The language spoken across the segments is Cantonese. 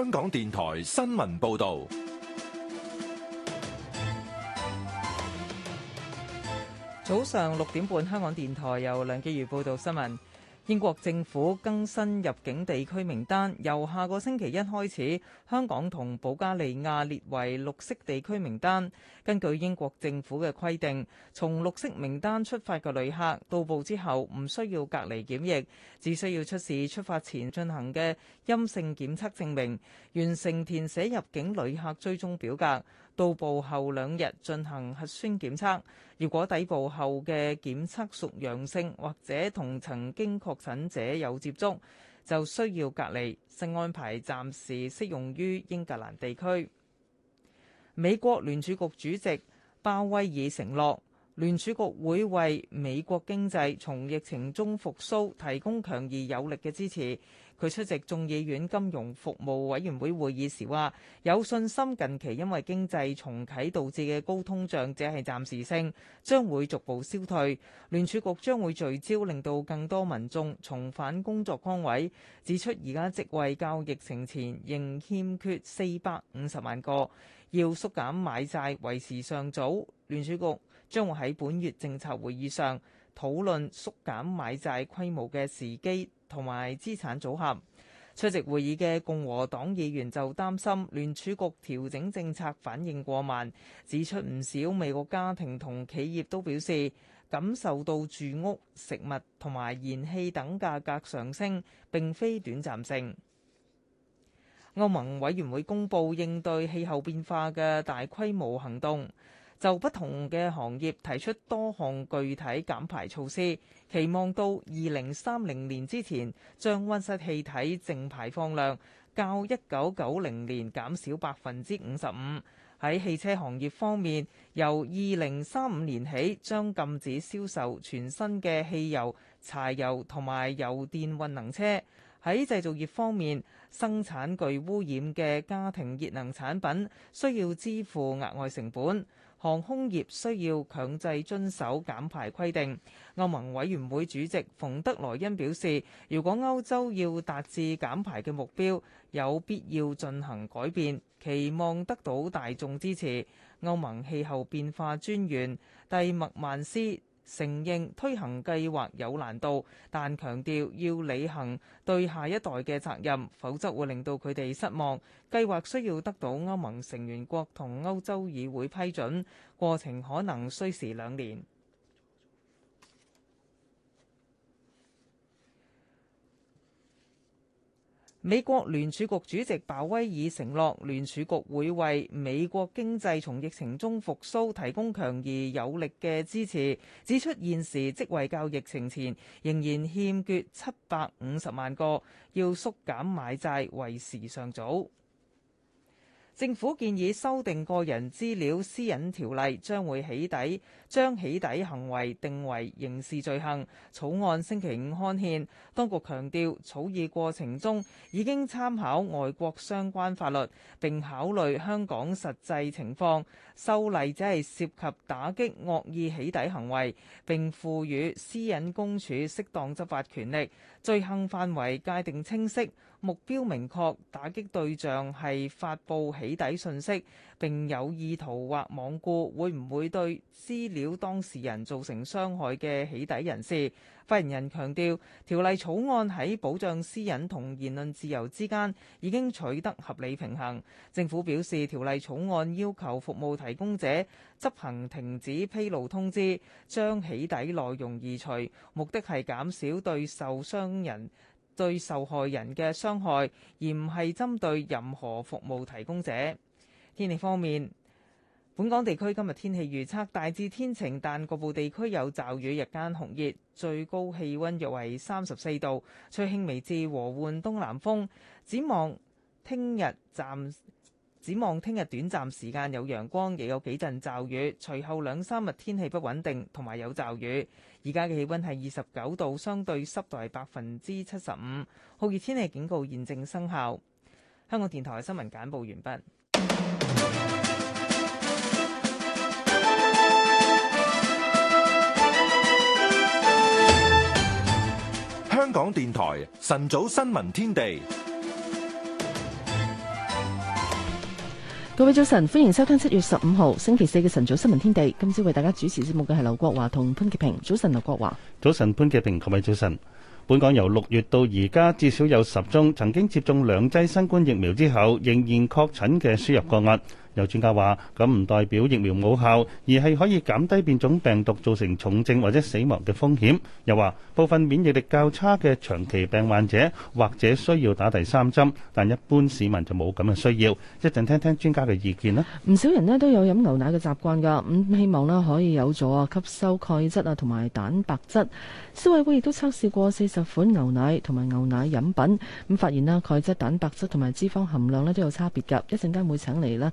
香港電台新聞報道。早上六點半，香港電台由梁潔儀報道新聞。英國政府更新入境地區名單，由下個星期一開始，香港同保加利亞列為綠色地區名單。根據英國政府嘅規定，從綠色名單出發嘅旅客到埗之後，唔需要隔離檢疫，只需要出示出發前進行嘅陰性檢測證明，完成填寫入境旅客追蹤表格。到步後兩日進行核酸檢測，如果抵步後嘅檢測屬陽性，或者同曾經確診者有接觸，就需要隔離。新安排暫時適用於英格蘭地區。美國聯儲局主席鮑威爾承諾，聯儲局會為美國經濟從疫情中復蘇提供強而有力嘅支持。佢出席眾議院金融服務委員會會議時話，有信心近期因為經濟重啟導致嘅高通脹只係暫時性，將會逐步消退。聯儲局將會聚焦令到更多民眾重返工作崗位，指出而家職位較疫情前仍欠缺四百五十萬個，要縮減買債為時尚早。聯儲局將會喺本月政策會議上討論縮減買債規模嘅時機同埋資產組合。出席會議嘅共和黨議員就擔心聯儲局調整政策反應過慢，指出唔少美國家庭同企業都表示感受到住屋、食物同埋燃氣等價格上升，並非短暫性。歐盟委員會公佈應對氣候變化嘅大規模行動。就不同嘅行業提出多項具體減排措施，期望到二零三零年之前將温室氣體淨排放量較一九九零年減少百分之五十五。喺汽車行業方面，由二零三五年起將禁止銷售全新嘅汽油、柴油同埋油電混能車。喺製造業方面，生產具污染嘅家庭熱能產品需要支付額外成本。航空業需要強制遵守減排規定。歐盟委員會主席馮德萊恩表示，如果歐洲要達至減排嘅目標，有必要進行改變，期望得到大眾支持。歐盟氣候變化專員蒂麥曼斯，承認推行計劃有難度，但強調要履行對下一代嘅責任，否則會令到佢哋失望。計劃需要得到歐盟成員國同歐洲議會批准，過程可能需時兩年。美國聯儲局主席鮑威爾承諾，聯儲局會為美國經濟從疫情中復甦提供強而有力嘅支持。指出現時職位較疫情前仍然欠缺七百五十萬個，要縮減買債為時尚早。政府建議修訂個人資料私隱條例，將會起底，將起底行為定為刑事罪行。草案星期五刊憲，當局強調，草擬過程中已經參考外國相關法律，並考慮香港實際情況。修例只係涉及打擊惡意起底行為，並賦予私隱公署適當執法權力，罪行範圍界定清晰。目標明確，打擊對象係發布起底信息並有意圖或罔顧會唔會對資料當事人造成傷害嘅起底人士。發言人強調，條例草案喺保障私隱同言論自由之間已經取得合理平衡。政府表示，條例草案要求服務提供者執行停止披露通知，將起底內容移除，目的係減少對受傷人。對受害人嘅傷害，而唔係針對任何服務提供者。天氣方面，本港地區今日天氣預測大致天晴，但局部地區有驟雨，日間酷熱，最高氣温約為三十四度。吹輕微至和緩東南風。展望聽日暫，展望聽日短暫時間有陽光，亦有幾陣驟雨。隨後兩三日天氣不穩定，同埋有驟雨。而家嘅氣溫係二十九度，相對濕度係百分之七十五，酷熱天氣警告現正生效。香港電台新聞簡報完畢。香港電台晨早新聞天地。各位早晨，歡迎收聽七月十五號星期四嘅晨早新聞天地。今朝為大家主持節目嘅係劉國華同潘潔平。早晨，劉國華。早晨，潘潔平。各位早晨。本港由六月到而家至少有十宗曾經接種兩劑新冠疫苗之後仍然確診嘅輸入個案。有專家話：咁唔代表疫苗冇效，而係可以減低變種病毒造成重症或者死亡嘅風險。又話部分免疫力較差嘅長期病患者或者需要打第三針，但一般市民就冇咁嘅需要。一陣聽聽專家嘅意見啦。唔少人呢都有飲牛奶嘅習慣㗎，咁希望呢可以有助吸收鈣質啊同埋蛋白質。消委會亦都測試過四十款牛奶同埋牛奶飲品，咁發現啦鈣質、蛋白質同埋脂肪含量呢都有差別㗎。一陣間會請嚟啦。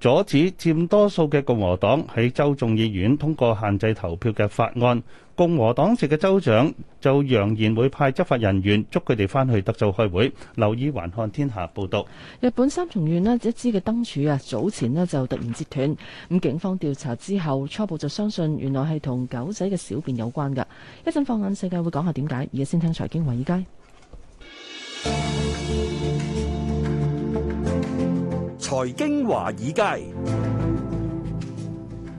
阻止佔多數嘅共和黨喺州眾議院通過限制投票嘅法案，共和黨籍嘅州長就揚言會派執法人員捉佢哋翻去德州開會。留意環看天下報道，日本三重縣呢一支嘅燈柱啊，早前呢就突然截斷，咁警方調查之後初步就相信原來係同狗仔嘅小便有關㗎。一陣放眼世界會講下點解，而家先聽財經黃宜佳。財經華爾街，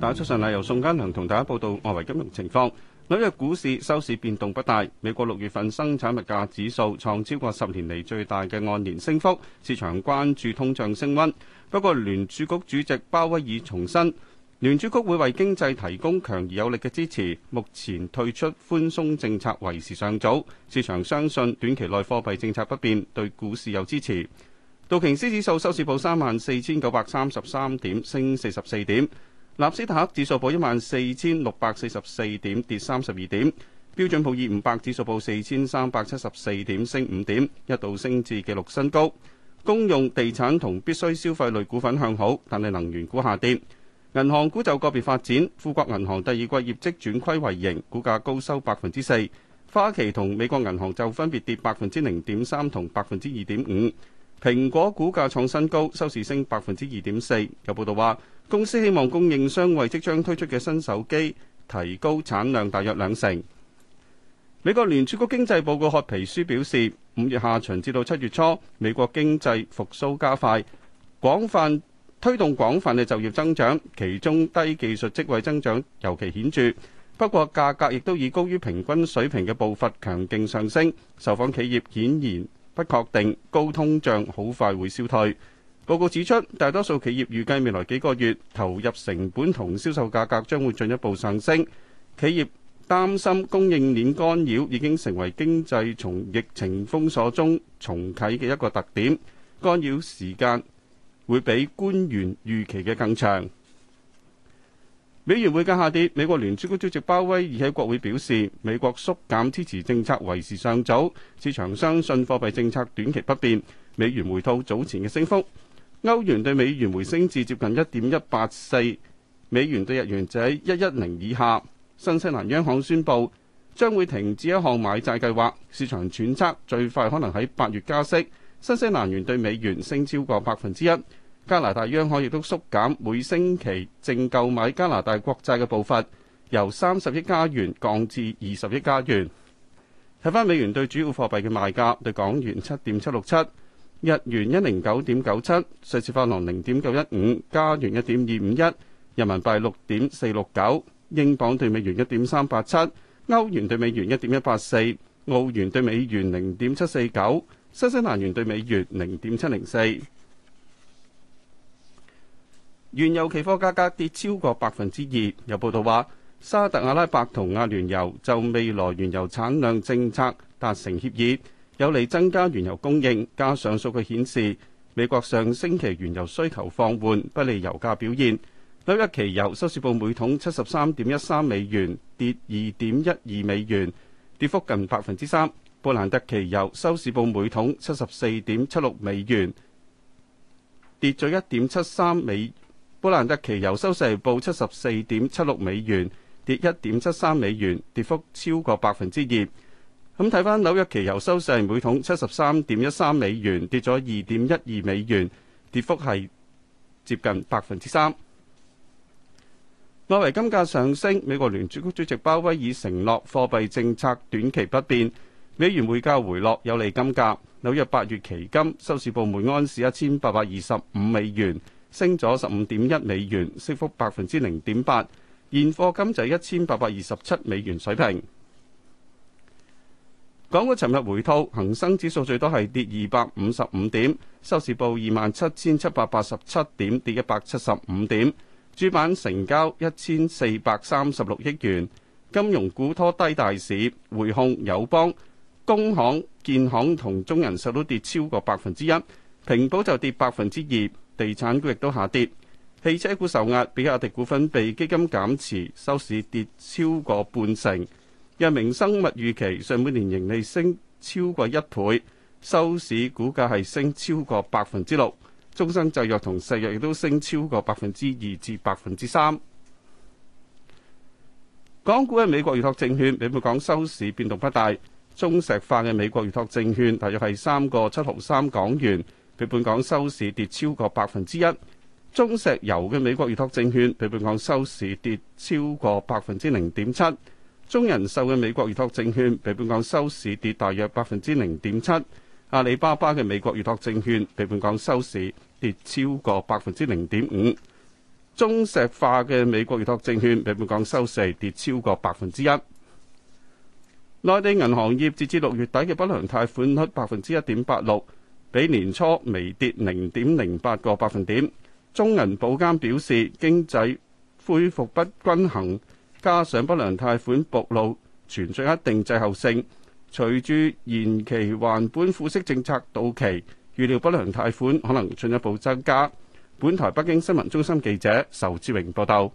大家早上嚟，由宋嘉良同大家報道外圍金融情況。紐約股市收市變動不大，美國六月份生產物價指數創超過十年嚟最大嘅按年升幅，市場關注通脹升溫。不過聯儲局主席鮑威爾重申，聯儲局會為經濟提供強而有力嘅支持，目前退出寬鬆政策為時尚早。市場相信短期內貨幣政策不變，對股市有支持。道瓊斯指數收市報三萬四千九百三十三點，升四十四點；納斯達克指數報一萬四千六百四十四點，跌三十二點；標準普爾五百指數報四千三百七十四點，升五點，一度升至紀錄新高。公用地產同必需消費類股份向好，但係能源股下跌，銀行股就個別發展。富國銀行第二季業績轉虧為盈，股價高收百分之四；花旗同美國銀行就分別跌百分之零點三同百分之二點五。蘋果股價創新高，收市升百分之二點四。有報道話，公司希望供應商為即將推出嘅新手機提高產量，大約兩成。美國聯儲局經濟報告褐皮書表示，五月下旬至到七月初，美國經濟復甦加快，廣泛推動廣泛嘅就業增長，其中低技術職位增長尤其顯著。不過，價格亦都以高於平均水平嘅步伐強勁上升，受訪企業顯然。不確定高通脹好快會消退。報告指出，大多數企業預計未來幾個月投入成本同銷售價格將會進一步上升。企業擔心供應鏈干擾已經成為經濟從疫情封鎖中重啟嘅一個特點，干擾時間會比官員預期嘅更長。美元匯價下跌，美國聯儲局主席鮑威爾喺國會表示，美國縮減支持政策為時尚早。市場相信貨幣政策短期不變，美元回吐早前嘅升幅。歐元對美元回升至接近一點一八四，美元對日元就喺一一零以下。新西蘭央行宣布將會停止一項買債計劃，市場揣測最快可能喺八月加息。新西蘭元對美元升超過百分之一。加拿大央行亦都縮減每星期淨購買加拿大國債嘅步伐，由三十億加元降至二十億加元。睇返美元對主要貨幣嘅賣價，對港元七點七六七，日元一零九點九七，瑞士法郎零點九一五，加元一點二五一，人民幣六點四六九，英鎊對美元一點三八七，歐元對美元一點一八四，澳元對美元零點七四九，新西蘭元對美元零點七零四。原油期貨價格跌超過百分之二。有報道話，沙特阿拉伯同阿聯酋就未來原油產量政策達成協議，有利增加原油供應。加上數據顯示，美國上星期原油需求放緩，不利油價表現。紐約期油收市報每桶七十三點一三美元，跌二點一二美元，跌幅近百分之三。布蘭特期油收市報每桶七十四點七六美元，跌咗一點七三美。布蘭特期油收市報七十四點七六美元，跌一點七三美元，跌幅超過百分之二。咁睇翻紐約期油收市每桶七十三點一三美元，跌咗二點一二美元，跌幅係接近百分之三。外圍金價上升，美國聯儲局主席鮑威爾承諾貨幣政策短期不變，美元匯價回落有利金價。紐約八月期金收市報每安士一千八百二十五美元。升咗十五點一美元，升幅百分之零點八。現貨金就一千八百二十七美元水平。港股尋日回吐，恒生指數最多係跌二百五十五點，收市報二萬七千七百八十七點，跌一百七十五點。主板成交一千四百三十六億元。金融股拖低大市，匯控、友邦、工行、建行同中人壽都跌超過百分之一，平保就跌百分之二。地產股亦都下跌，汽車股受壓，比亞迪股份被基金減持，收市跌超過半成。藥明生物預期上半年盈利升超過一倍，收市股價係升超過百分之六。中生製藥同石藥亦都升超過百分之二至百分之三。港股嘅美國預託證券，你唔會講收市變動不大。中石化嘅美國預託證券大約係三個七毫三港元。比本港收市跌超過百分之一，中石油嘅美國預託證券比本港收市跌超過百分之零點七，中人壽嘅美國預託證券比本港收市跌大約百分之零點七，阿里巴巴嘅美國預託證券比本港收市跌超過百分之零點五，中石化嘅美國預託證券比本港收市跌超過百分之一。內地銀行業截至六月底嘅不良貸款率百分之一點八六。比年初微跌零點零八個百分點，中銀保監表示，經濟恢復不均衡，加上不良貸款暴露，存在一定滯後性。隨住延期還本付息政策到期，預料不良貸款可能進一步增加。本台北京新聞中心記者仇志榮報道。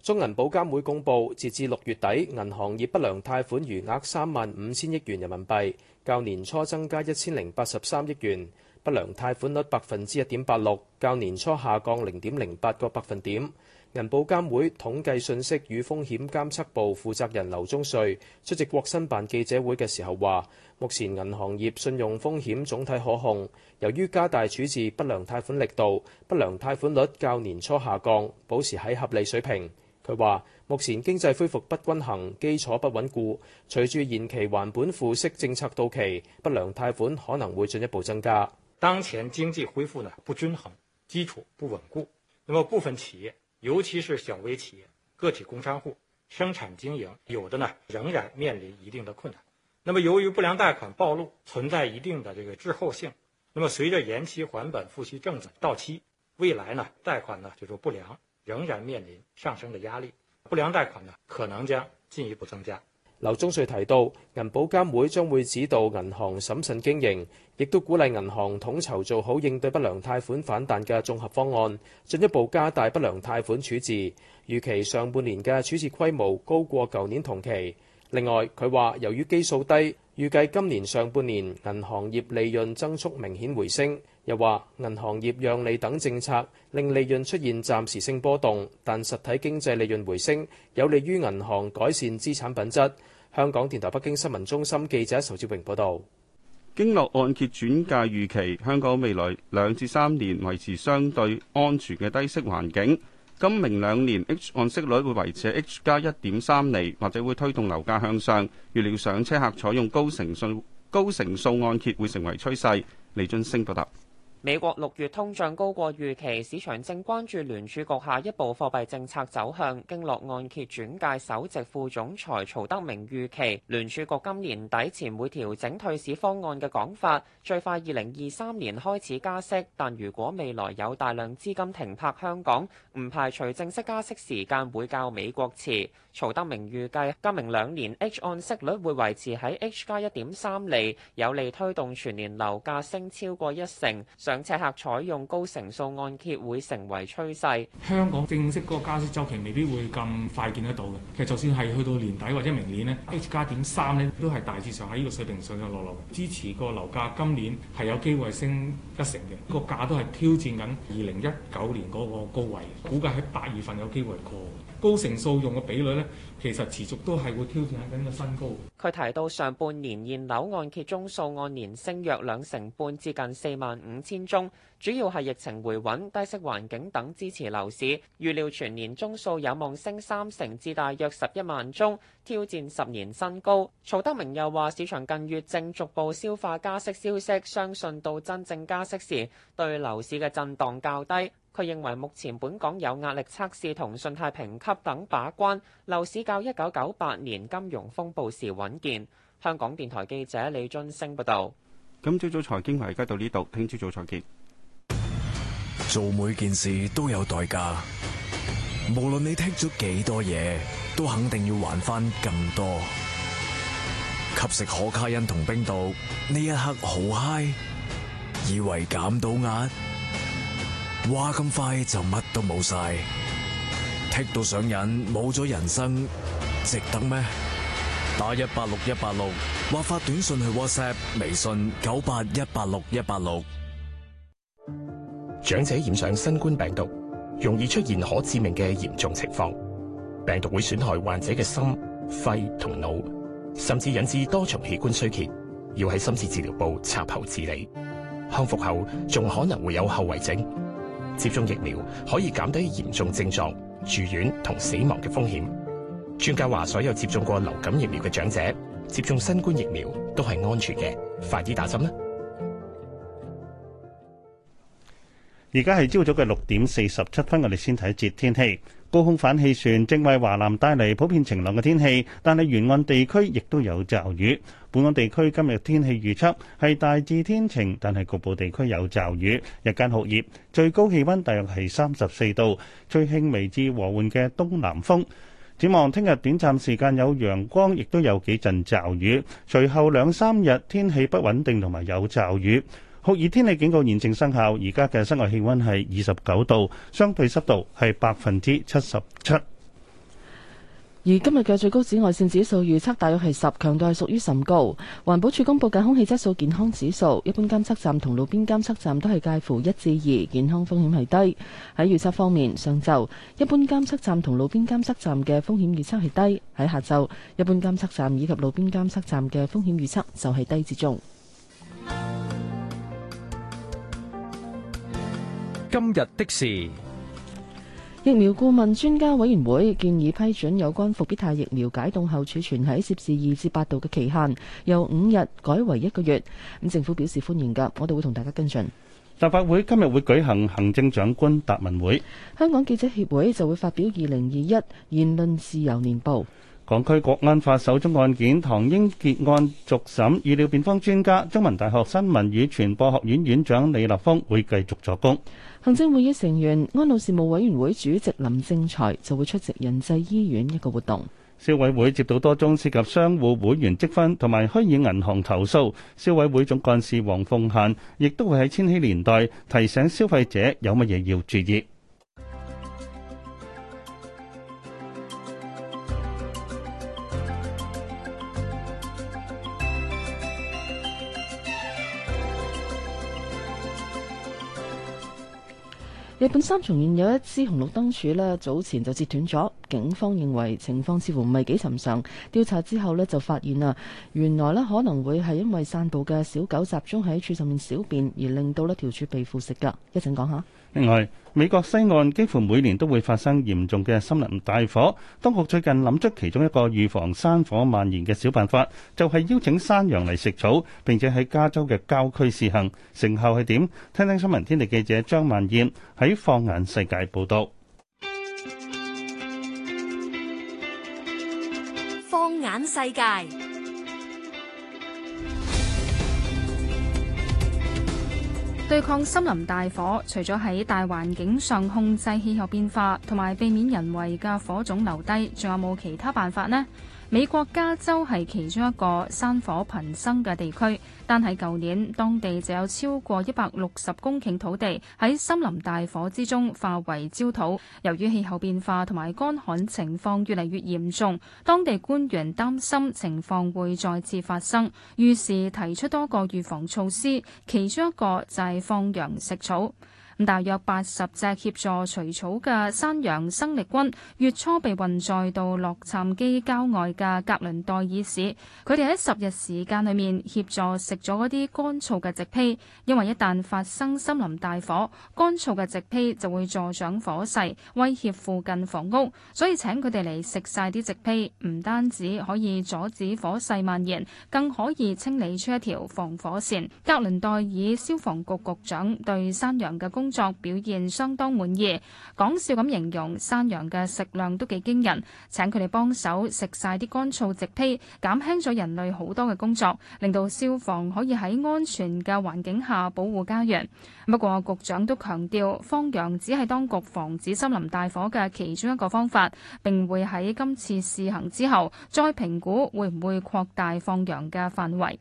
中銀保監會公布，截至六月底，銀行業不良貸款餘額三萬五千億元人民幣。較年初增加一千零八十三億元，不良貸款率百分之一點八六，較年初下降零點零八個百分點。銀保監會統計信息與風險監測部負責人劉宗瑞出席國新辦記者會嘅時候話，目前銀行業信用風險總體可控，由於加大處置不良貸款力度，不良貸款率較年初下降，保持喺合理水平。佢話：目前經濟恢復不均衡，基礎不穩固。隨住延期還本付息政策到期，不良貸款可能會進一步增加。當前經濟恢復呢不均衡，基礎不穩固。那麼部分企業，尤其是小微企業、個體工商戶，生產經營有的呢仍然面臨一定的困難。那麼由於不良貸款暴露，存在一定的這個滯後性。那麼隨着延期還本付息政策到期，未來呢貸款呢就做不良。仍然面臨上升的壓力，不良貸款呢可能將進一步增加。劉忠瑞提到，銀保監會將會指導銀行審慎經營，亦都鼓勵銀行統籌做好應對不良貸款反彈嘅綜合方案，進一步加大不良貸款處置，預期上半年嘅處置規模高過舊年同期。另外，佢話由於基數低，預計今年上半年銀行業利潤增速明顯回升。又話，銀行業讓利等政策令利潤出現暫時性波動，但實體經濟利潤回升，有利於銀行改善資產品質。香港電台北京新聞中心記者仇志榮報道，經絡按揭轉介預期，香港未來兩至三年維持相對安全嘅低息環境。今明兩年 H 按息率會維持喺 H 加一點三釐，或者會推動樓價向上。預料上車客採用高成數高成數按揭會成為趨勢。李俊升報道。美國六月通脹高過預期，市場正關注聯儲局下一步貨幣政策走向。經絡按揭轉介首席副總裁曹德明預期，聯儲局今年底前會調整退市方案嘅講法，最快二零二三年開始加息。但如果未來有大量資金停泊香港，唔排除正式加息時間會較美國遲。曹德明預計今明兩年 H 按息率會維持喺 H 加一點三厘，有利推動全年樓價升超過一成。上車客採用高成數按揭會成為趨勢。香港正式嗰個加息週期未必會咁快見得到嘅。其實就算係去到年底或者明年呢 H 加點三呢都係大致上喺呢個水平上上落落，支持個樓價今年係有機會升一成嘅。這個價都係挑戰緊二零一九年嗰個高位，估計喺八月份有機會過。高成數用嘅比率呢，其實持續都係會挑戰緊嘅新高。佢提到上半年現樓按揭宗數按年升約兩成半至近四萬五千宗，主要係疫情回穩、低息環境等支持樓市。預料全年宗數有望升三成至大約十一萬宗，挑戰十年新高。曹德明又話，市場近月正逐步消化加息消息，相信到真正加息時，對樓市嘅震盪較低。佢認為目前本港有壓力測試同信貸評級等把關，樓市較一九九八年金融風暴時穩健。香港電台記者李津升報導。今朝早財經話題到呢度，聽朝早再見。做每件事都有代價，無論你聽咗幾多嘢，都肯定要還翻更多。吸食可卡因同冰毒，呢一刻好嗨，以為減到壓。話咁快就乜都冇晒，踢到上癮，冇咗人生，值得咩？打一八六一八六，或發短信去 WhatsApp、微信九八一八六一八六。長者染上新冠病毒，容易出現可致命嘅嚴重情況，病毒會損害患者嘅心、肺同腦，甚至引致多重器官衰竭，要喺深切治療部插喉治理。康復後仲可能會有後遺症。接種疫苗，可以減低嚴重症狀、住院同死亡嘅風險。專家話，所有接種過流感疫苗嘅長者接種新冠疫苗都係安全嘅。快啲打針啦！而家係朝早嘅六點四十七分，我哋先睇一節天氣。高空反氣旋正為華南帶嚟普遍晴朗嘅天氣，但係沿岸地區亦都有驟雨。本港地區今日天氣預測係大致天晴，但係局部地區有驟雨，日間酷熱，最高氣温大約係三十四度，吹輕微至和緩嘅東南風。展望聽日短暫時間有陽光，亦都有幾陣驟雨，隨後兩三日天氣不穩定同埋有驟雨。酷熱天氣警告現正生效。而家嘅室外氣溫係二十九度，相對濕度係百分之七十七。而今日嘅最高紫外線指數預測大約係十，強度係屬於甚高。環保署公布嘅空氣質素健康指數，一般監測站同路邊監測站都係介乎一至二，健康風險係低。喺預測方面，上晝一般監測站同路邊監測站嘅風險預測係低；喺下晝，一般監測站以及路邊監測站嘅風險預測就係低至中。今日的事，疫苗顧問專家委員會建議批准有關復必泰疫苗解凍後儲存喺攝氏二至八度嘅期限由五日改為一個月。咁政府表示歡迎噶，我哋會同大家跟進。立法會今日會舉行行政長官答問會，香港記者協會就會發表二零二一言論自由年報。港區國安法首宗案件唐英傑案續審，預料辯方專家中文大學新聞與傳播學院院長李立峯會繼續作供。行政會議成員安老事務委員會主席林正財就會出席仁濟醫院一個活動。消委會接到多宗涉及商戶會員積分同埋虛擬銀行投訴，消委會總幹事黃鳳嫺亦都會喺千禧年代提醒消費者有乜嘢要注意。日本三重縣有一支紅綠燈柱呢早前就折斷咗。警方認為情況似乎唔係幾尋常，調查之後呢就發現原來呢可能會係因為散步嘅小狗集中喺柱上面小便而令到呢條柱被腐蝕噶。一陣講下。另外，美國西岸幾乎每年都會發生嚴重嘅森林大火。當局最近諗出其中一個預防山火蔓延嘅小辦法，就係邀請山羊嚟食草，並且喺加州嘅郊區試行。成效係點？聽聽新聞天地記者張萬艷喺《放眼世界》報道。放眼世界。對抗森林大火，除咗喺大環境上控制氣候變化，同埋避免人為嘅火種留低，仲有冇其他辦法呢？美國加州係其中一個山火頻生嘅地區，但喺舊年當地就有超過一百六十公頃土地喺森林大火之中化為焦土。由於氣候變化同埋乾旱情況越嚟越嚴重，當地官員擔心情況會再次發生，於是提出多個預防措施，其中一個就係放羊食草。咁大約八十隻協助除草嘅山羊生力軍，月初被運載到洛杉磯郊外嘅格倫代爾市。佢哋喺十日時間裏面協助食咗嗰啲乾燥嘅植被，因為一旦發生森林大火，乾燥嘅植被就會助長火勢，威脅附近房屋，所以請佢哋嚟食晒啲植被，唔單止可以阻止火勢蔓延，更可以清理出一條防火線。格倫代爾消防局局長對山羊嘅工工作表現相當滿意，講笑咁形容山羊嘅食量都幾驚人，請佢哋幫手食晒啲乾燥植被，減輕咗人類好多嘅工作，令到消防可以喺安全嘅環境下保護家園。不過，局長都強調放羊只係當局防止森林大火嘅其中一個方法，並會喺今次試行之後再評估會唔會擴大放羊嘅範圍。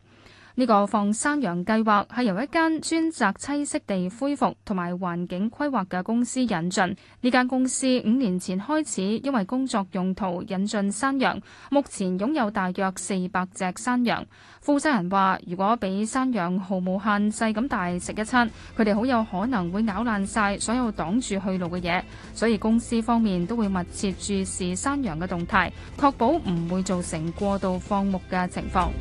呢個放山羊計劃係由一間專責棲息地恢復同埋環境規劃嘅公司引進。呢間公司五年前開始因為工作用途引進山羊，目前擁有大約四百隻山羊。負責人話：如果俾山羊毫無限制咁大食一餐，佢哋好有可能會咬爛晒所有擋住去路嘅嘢。所以公司方面都會密切注視山羊嘅動態，確保唔會造成過度放牧嘅情況。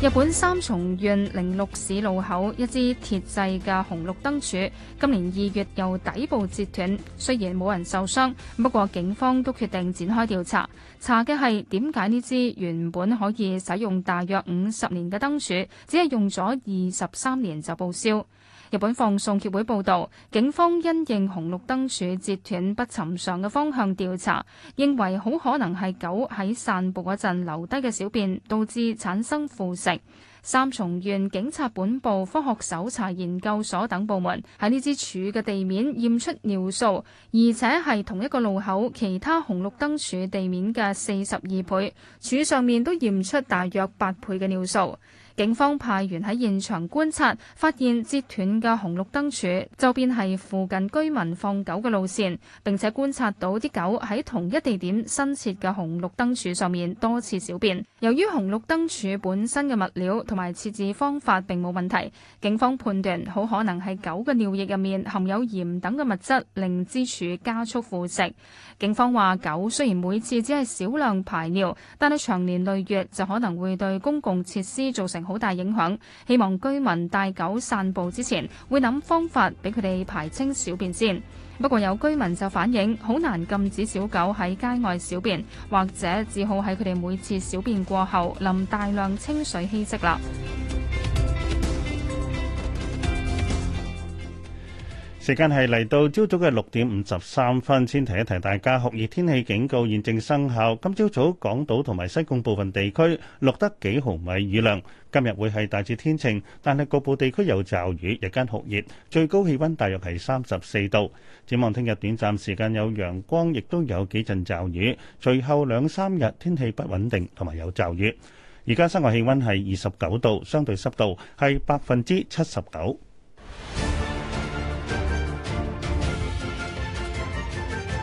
日本三重縣零六市路口一支鐵製嘅紅綠燈柱，今年二月由底部折斷，雖然冇人受傷，不過警方都決定展開調查，查嘅係點解呢支原本可以使用大約五十年嘅燈柱，只係用咗二十三年就報銷。日本放送協會報導，警方因應紅綠燈柱折斷不尋常嘅方向調查，認為好可能係狗喺散步嗰陣留低嘅小便導致產生腐蝕。三重縣警察本部、科學搜查研究所等部門喺呢支柱嘅地面驗出尿素，而且係同一個路口其他紅綠燈柱地面嘅四十二倍，柱上面都驗出大約八倍嘅尿素。警方派員喺現場觀察，發現截斷嘅紅綠燈柱周邊係附近居民放狗嘅路線，並且觀察到啲狗喺同一地點新設嘅紅綠燈柱上面多次小便。由於紅綠燈柱本身嘅物料同埋設置方法並冇問題，警方判斷好可能係狗嘅尿液入面含有鹽等嘅物質，令支柱加速腐蝕。警方話，狗雖然每次只係少量排尿，但係長年累月就可能會對公共設施造成好大影響，希望居民帶狗散步之前會諗方法俾佢哋排清小便先。不過有居民就反映好難禁止小狗喺街外小便，或者只好喺佢哋每次小便過後淋大量清水稀釋啦。時間係嚟到朝早嘅六點五十三分，先提一提大家酷熱天氣警告現正生效。今朝早港島同埋西貢部分地區錄得幾毫米雨量。今日會係大致天晴，但係局部地區有驟雨，日間酷熱，最高氣温大約係三十四度。展望聽日短暫時間有陽光，亦都有幾陣驟雨。隨後兩三日天，天氣不穩定同埋有，有驟雨。而家室外氣温係二十九度，相對濕度係百分之七十九。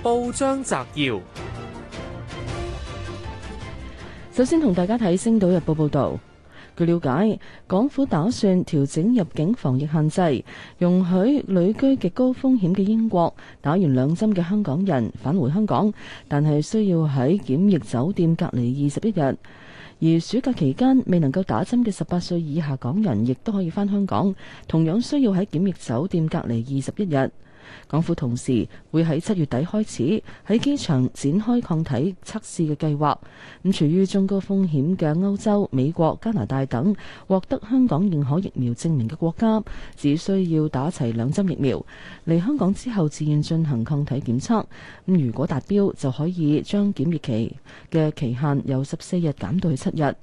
報章摘要：首先同大家睇《星島日報》報道，據了解，港府打算調整入境防疫限制，容許旅居極高風險嘅英國打完兩針嘅香港人返回香港，但係需要喺檢疫酒店隔離二十一日。而暑假期間未能夠打針嘅十八歲以下港人，亦都可以返香港，同樣需要喺檢疫酒店隔離二十一日。港府同時會喺七月底開始喺機場展開抗體測試嘅計劃。咁處於中高風險嘅歐洲、美國、加拿大等獲得香港認可疫苗證明嘅國家，只需要打齊兩針疫苗，嚟香港之後自願進行抗體檢測。咁如果達標，就可以將檢疫期嘅期限由十四日減到去七日。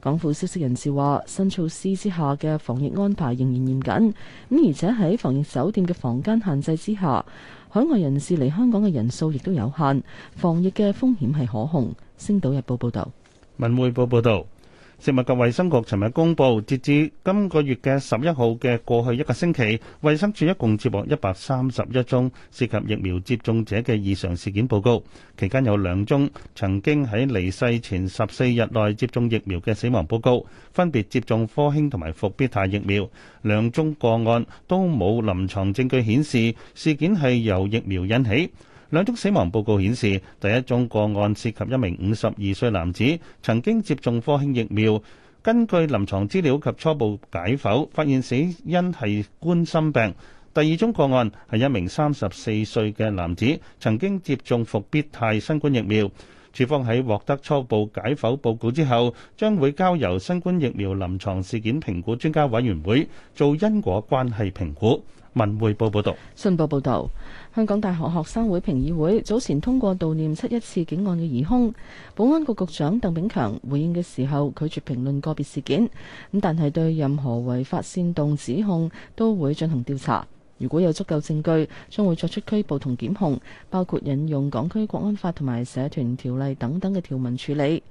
港府消息人士話：新措施之下嘅防疫安排仍然嚴謹，咁而且喺防疫酒店嘅房間限制之下，海外人士嚟香港嘅人數亦都有限，防疫嘅風險係可控。星島日報報道。文食物及衞生局尋日公布，截至今個月嘅十一號嘅過去一個星期，衞生署一共接獲一百三十一宗涉及疫苗接種者嘅異常事件報告。期間有兩宗曾經喺離世前十四日內接種疫苗嘅死亡報告，分別接種科興同埋復必泰疫苗。兩宗個案都冇臨床證據顯示事件係由疫苗引起。兩宗死亡報告顯示，第一宗個案涉及一名五十二歲男子，曾經接種科興疫苗。根據臨床資料及初步解剖，發現死因係冠心病。第二宗個案係一名三十四歲嘅男子，曾經接種復必泰新冠疫苗。處方喺獲得初步解剖報告之後，將會交由新冠疫苗臨床事件評估專家委員會做因果關係評估。文匯報報道，信報報道，香港大學學生會評議會早前通過悼念七一刺警案嘅疑凶，保安局局長鄧炳強回應嘅時候拒絕評論個別事件，咁但係對任何違法煽動指控都會進行調查，如果有足夠證據，將會作出拘捕同檢控，包括引用港區國安法同埋社團條例等等嘅條文處理。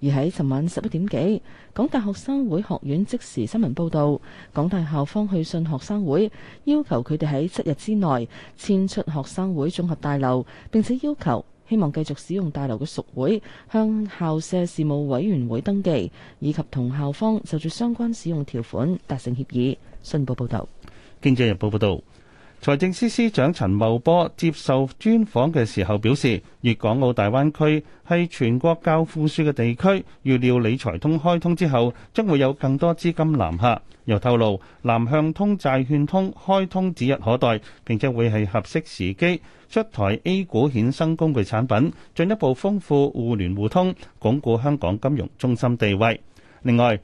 而喺尋晚十一點幾，港大學生會學院即時新聞報導，港大校方去信學生會，要求佢哋喺七日之內遷出學生會綜合大樓，並且要求希望繼續使用大樓嘅屬會向校舍事務委員會登記，以及同校方就住相關使用條款達成協議。信報報道。經濟日報報道。財政司司長陳茂波接受專訪嘅時候表示，粵港澳大灣區係全國較富庶嘅地區，預料理財通開通之後，將會有更多資金南下。又透露，南向通、債券通開通指日可待，並且會係合適時機出台 A 股衍生工具產品，進一步豐富互聯互通，鞏固香港金融中心地位。另外，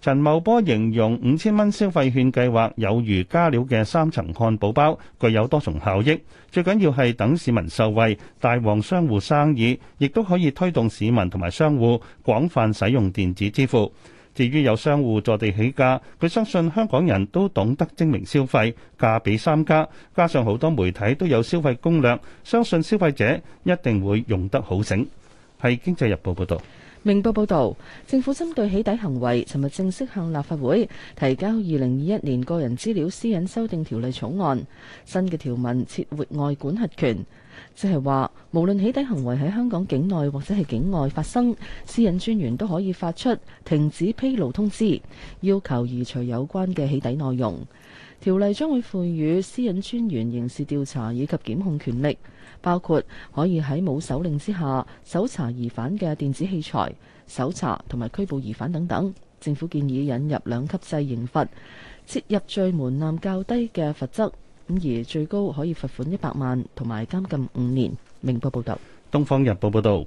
陳茂波形容五千蚊消費券計劃有如加料嘅三層漢堡包，具有多重效益。最緊要係等市民受惠，大旺商戶生意，亦都可以推動市民同埋商戶廣泛使用電子支付。至於有商戶坐地起價，佢相信香港人都懂得精明消費，價比三家，加上好多媒體都有消費攻略，相信消費者一定會用得好醒。喺《經濟日報》報道。明報報導，政府針對起底行為，尋日正式向立法會提交《二零二一年個人資料私隱修訂條例草案》新的條。新嘅條文設域外管轄權，即係話，無論起底行為喺香港境內或者係境外發生，私隱專員都可以發出停止披露通知，要求移除有關嘅起底內容。條例將會賦予私隱專員刑事調查以及檢控權力。包括可以喺冇手令之下搜查疑犯嘅電子器材，搜查同埋拘捕疑犯等等。政府建議引入兩級制刑罰，設入罪門檻較低嘅罰則，咁而最高可以罰款一百萬同埋監禁五年。明報報道，東方日報報道，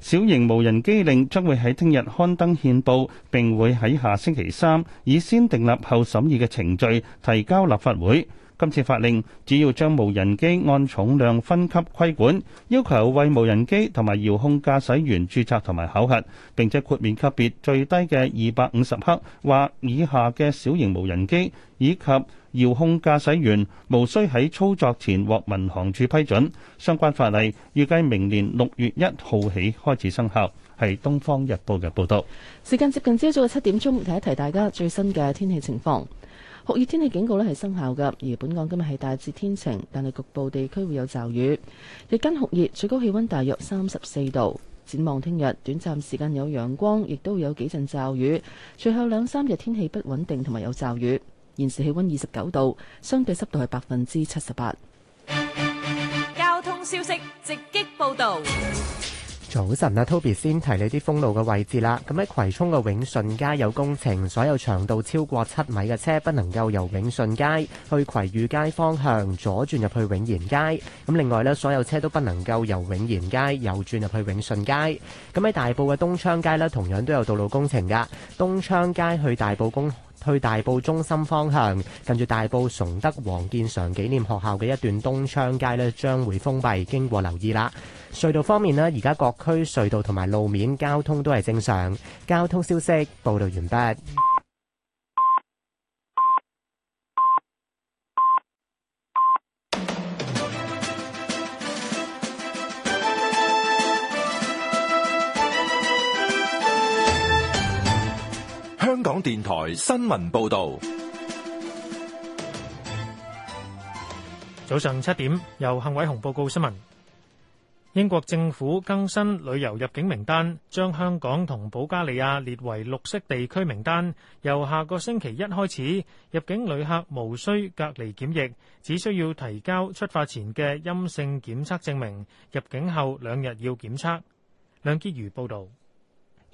小型無人機令將會喺聽日刊登憲報，並會喺下星期三以先訂立後審議嘅程序提交立法會。今次法令主要將無人機按重量分級規管，要求為無人機同埋遙控駕駛員註冊同埋考核，並且豁免級別最低嘅二百五十克或以下嘅小型無人機，以及遙控駕駛員無需喺操作前獲民航處批准。相關法例預計明年六月一號起開始生效。係《東方日報》嘅報道。時間接近朝早嘅七點鐘，提一提大家最新嘅天氣情況。酷熱天氣警告咧係生效嘅，而本港今日係大致天晴，但係局部地區會有驟雨。日間酷熱，最高氣溫大約三十四度。展望聽日，短暫時間有陽光，亦都有幾陣驟雨。隨後兩三日天氣不穩定，同埋有驟雨。現時氣溫二十九度，相對濕度係百分之七十八。交通消息直擊報道。早晨啊，Toby 先提你啲封路嘅位置啦。咁喺葵涌嘅永順街有工程，所有長度超過七米嘅車不能夠由永順街去葵裕街方向左轉入去永賢街。咁另外咧，所有車都不能夠由永賢街右轉入去永順街。咁喺大埔嘅東昌街咧，同樣都有道路工程噶。東昌街去大埔公去大埔中心方向，近住大埔崇德黃建常紀念學校嘅一段東昌街呢將會封閉，經過留意啦。隧道方面呢，而家各區隧道同埋路面交通都係正常。交通消息報道完畢。香港電台新聞報道：早上七點，由幸偉雄報告新聞。英國政府更新旅遊入境名單，將香港同保加利亞列為綠色地區名單。由下個星期一開始，入境旅客無需隔離檢疫，只需要提交出發前嘅陰性檢測證明。入境後兩日要檢測。梁潔如報道。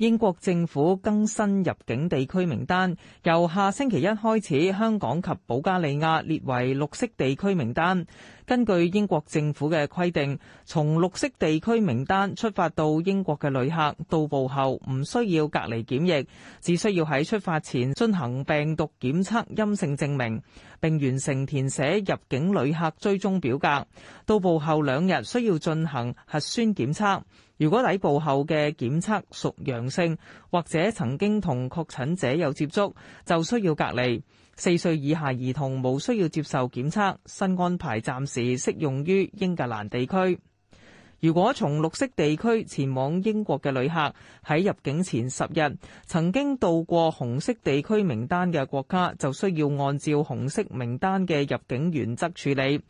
英國政府更新入境地區名單，由下星期一開始，香港及保加利亞列為綠色地區名單。根據英國政府嘅規定，從綠色地區名單出發到英國嘅旅客到埗後唔需要隔離檢疫，只需要喺出發前進行病毒檢測陰性證明，並完成填寫入境旅客追蹤表格。到埗後兩日需要進行核酸檢測，如果抵埗後嘅檢測屬陽性，或者曾經同確診者有接觸，就需要隔離。四歲以下兒童無需要接受檢測，新安排暫時適用於英格蘭地區。如果從綠色地區前往英國嘅旅客，喺入境前十日曾經到過紅色地區名單嘅國家，就需要按照紅色名單嘅入境原則處理。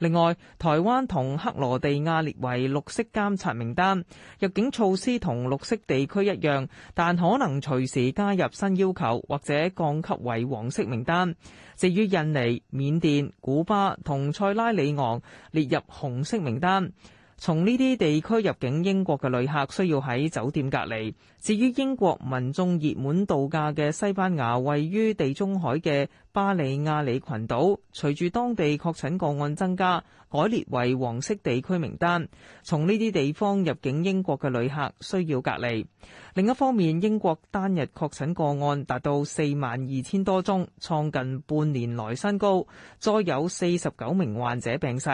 另外，台灣同克羅地亞列為綠色監察名單，入境措施同綠色地區一樣，但可能隨時加入新要求或者降級為黃色名單。至於印尼、緬甸、古巴同塞拉利昂列入紅色名單，從呢啲地區入境英國嘅旅客需要喺酒店隔離。至於英國民眾熱門度假嘅西班牙，位於地中海嘅巴利亞里群島隨住當地確診個案增加，改列為黃色地區名單。從呢啲地方入境英國嘅旅客需要隔離。另一方面，英國單日確診個案達到四萬二千多宗，創近半年來新高。再有四十九名患者病逝。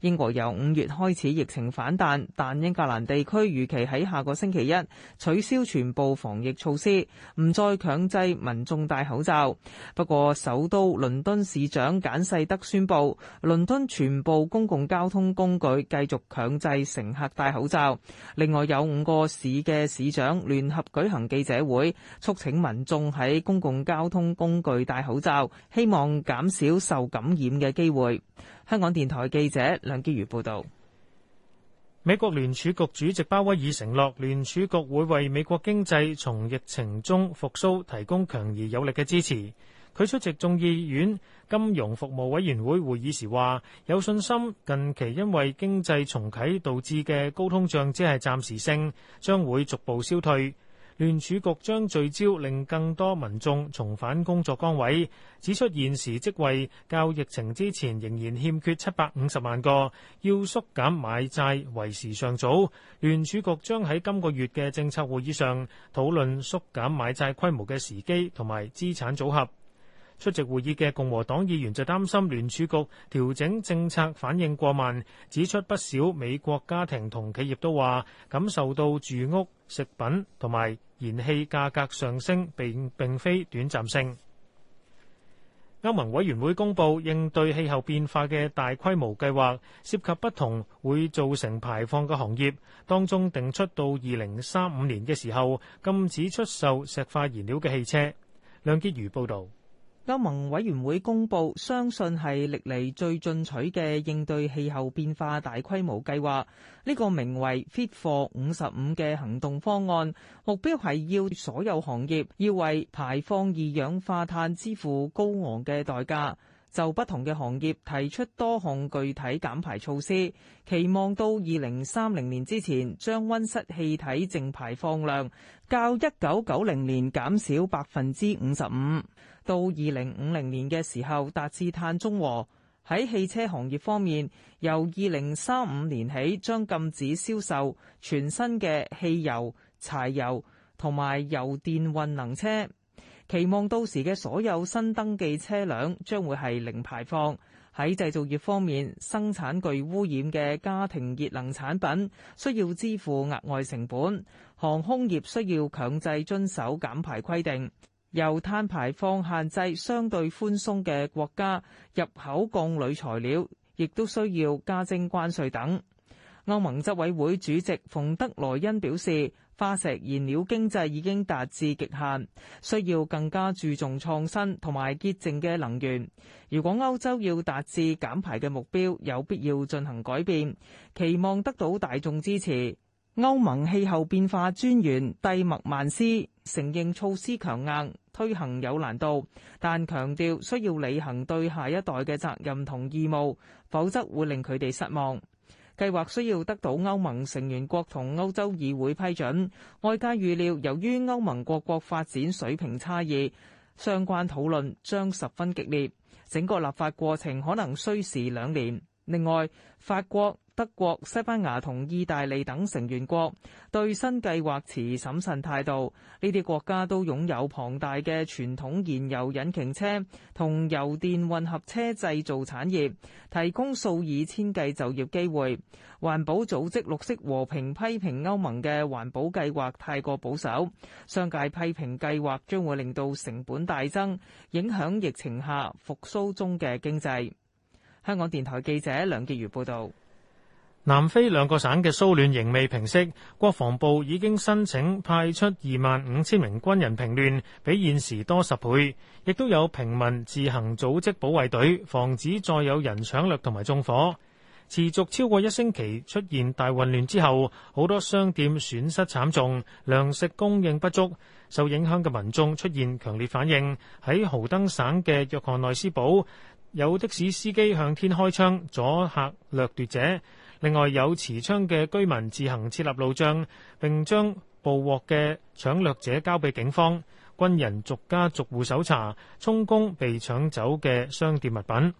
英國由五月開始疫情反彈，但英格蘭地區預期喺下個星期一取消全部防疫措施，唔再強制民眾戴口罩。不過，首首都倫敦市長簡世德宣布，倫敦全部公共交通工具繼續強制乘客戴口罩。另外，有五個市嘅市長聯合舉行記者會，促請民眾喺公共交通工具戴口罩，希望減少受感染嘅機會。香港電台記者梁潔如報道。美國聯儲局主席鮑威爾承諾，聯儲局會為美國經濟從疫情中復蘇提供強而有力嘅支持。佢出席眾議院金融服務委員會會議時話有信心近期因為經濟重啟導致嘅高通脹只係暫時性，將會逐步消退。聯儲局將聚焦令更多民眾重返工作崗位，指出現時職位較疫情之前仍然欠缺七百五十萬個，要縮減買債為時尚早。聯儲局將喺今個月嘅政策會議上討論縮減買債規模嘅時機同埋資產組合。出席會議嘅共和黨議員就擔心聯儲局調整政策反應過慢，指出不少美國家庭同企業都話感受到住屋、食品同埋燃氣價格上升，並並非短暫性。歐盟委員會公佈應對氣候變化嘅大規模計劃，涉及不同會造成排放嘅行業，當中定出到二零三五年嘅時候禁止出售石化燃料嘅汽車。梁潔如報導。歐盟委員會公布，相信係歷嚟最進取嘅應對氣候變化大規模計劃。呢個名為 Fit for 五十五嘅行動方案，目標係要所有行業要為排放二氧化碳支付高昂嘅代價。就不同嘅行業提出多項具體減排措施，期望到二零三零年之前，將溫室氣體淨排放量較一九九零年減少百分之五十五。到二零五零年嘅時候，達至碳中和。喺汽車行業方面，由二零三五年起將禁止銷售全新嘅汽油、柴油同埋油電混能車。期望到時嘅所有新登記車輛將會係零排放。喺製造業方面，生產具污染嘅家庭熱能產品需要支付額外成本。航空業需要強制遵守減排規定。由碳排放限制相對寬鬆嘅國家入口鋼鋁材料，亦都需要加徵關稅等。歐盟執委會主席馮德萊恩表示，化石燃料經濟已經達至極限，需要更加注重創新同埋潔淨嘅能源。如果歐洲要達至減排嘅目標，有必要進行改變，期望得到大眾支持。歐盟氣候變化專員蒂麥曼斯承認措施強硬。推行有難度，但強調需要履行對下一代嘅責任同義務，否則會令佢哋失望。計劃需要得到歐盟成員國同歐洲議會批准，外界預料由於歐盟各國發展水平差異，相關討論將十分激烈，整個立法過程可能需時兩年。另外，法國、德國、西班牙同意大利等成員國對新計劃持審慎態度。呢啲國家都擁有龐大嘅傳統燃油引擎車同油電混合車製造產業，提供數以千計就業機會。環保組織綠、綠色和平批評歐盟嘅環保計劃太過保守，商界批評計劃將會令到成本大增，影響疫情下復蘇中嘅經濟。香港電台記者梁潔如報道：南非兩個省嘅騷亂仍未平息，國防部已經申請派出二萬五千名軍人平亂，比現時多十倍。亦都有平民自行組織保衛隊，防止再有人搶掠同埋縱火。持續超過一星期出現大混亂之後，好多商店損失慘重，糧食供應不足，受影響嘅民眾出現強烈反應。喺豪登省嘅約翰內斯堡。有的士司機向天開槍阻嚇掠奪者，另外有持槍嘅居民自行設立路障，並將捕獲嘅搶掠者交俾警方。軍人逐家逐戶搜查，充公被搶走嘅商店物品。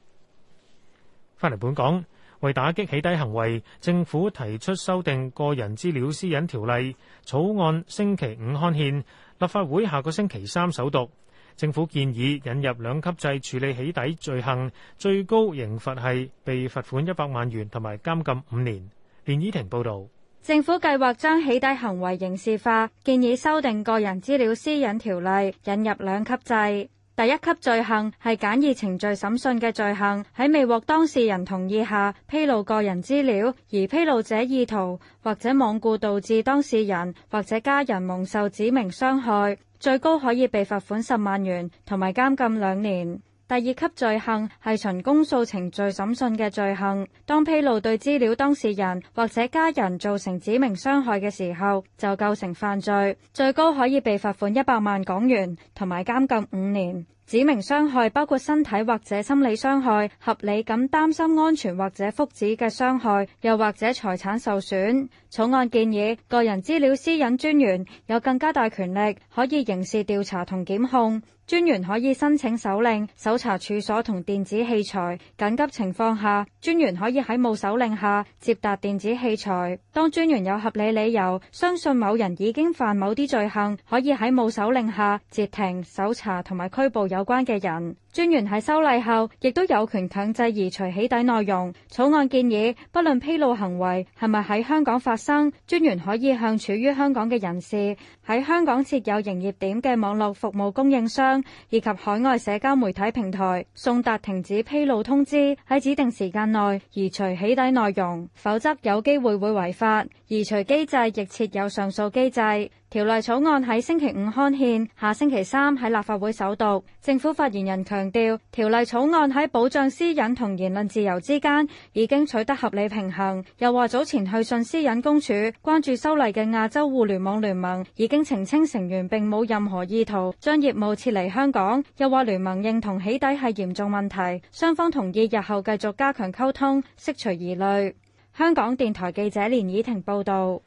翻嚟本港，為打擊起底行為，政府提出修訂個人資料私隱條例草案，星期五刊憲，立法會下個星期三首讀。政府建議引入兩級制處理起底罪行，最高刑罰係被罰款一百萬元，同埋監禁五年。連依婷報道，政府計劃將起底行為刑事化，建議修訂個人資料私隱條例，引入兩級制。第一級罪行係簡易程序審訊嘅罪行，喺未獲當事人同意下披露個人資料，而披露者意圖或者罔顧導致當事人或者家人蒙受指明傷害。最高可以被罰款十萬元同埋監禁兩年。第二級罪行係循公訴程序審訊嘅罪行，當披露對資料當事人或者家人造成指明傷害嘅時候，就構成犯罪，最高可以被罰款一百萬港元同埋監禁五年。指明傷害包括身體或者心理傷害、合理咁擔心安全或者福祉嘅傷害，又或者財產受損。草案建議個人資料私隱專員有更加大權力，可以刑事調查同檢控。專員可以申請手令搜查處所同電子器材，緊急情況下，專員可以喺冇手令下接達電子器材。當專員有合理理由相信某人已經犯某啲罪行，可以喺冇手令下截停、搜查同埋拘捕有關嘅人。專員喺修例後，亦都有權強制移除起底內容。草案建議，不論披露行為係咪喺香港發生，專員可以向處於香港嘅人士、喺香港設有營業點嘅網絡服務供應商以及海外社交媒體平台送達停止披露通知，喺指定時間內移除起底內容，否則有機會會違法。移除機制亦設有上訴機制。條例草案喺星期五刊憲，下星期三喺立法會首讀。政府發言人強調，條例草案喺保障私隱同言論自由之間已經取得合理平衡。又話早前去信私隱公署，關注修例嘅亞洲互聯網聯盟已經澄清成員並冇任何意圖將業務撤離香港。又話聯盟認同起底係嚴重問題，雙方同意日後繼續加強溝通，釋除疑慮。香港電台記者連以婷報道。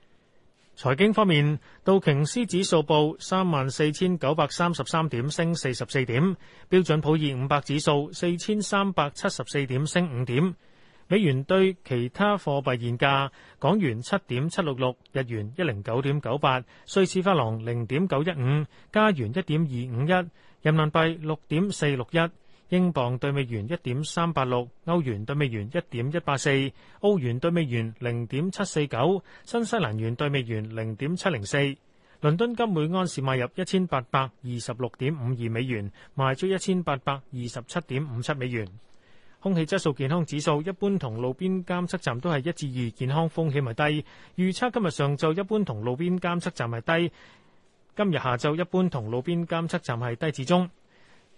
財經方面，道瓊斯指數報三萬四千九百三十三點，升四十四點；標準普爾五百指數四千三百七十四點，升五點。美元對其他貨幣現價：港元七點七六六，日元一零九點九八，瑞士法郎零點九一五，加元一點二五一，人民幣六點四六一。英鎊兌美元一點三八六，歐元兌美元一點一八四，澳元兌美元零點七四九，新西蘭元兌美元零點七零四。倫敦金每安士買入一千八百二十六點五二美元，賣出一千八百二十七點五七美元。空氣質素健康指數一般同路邊監測站都係一至二，2, 健康風險咪低。預測今日上晝一般同路邊監測站係低，今日下晝一般同路邊監測站係低至中。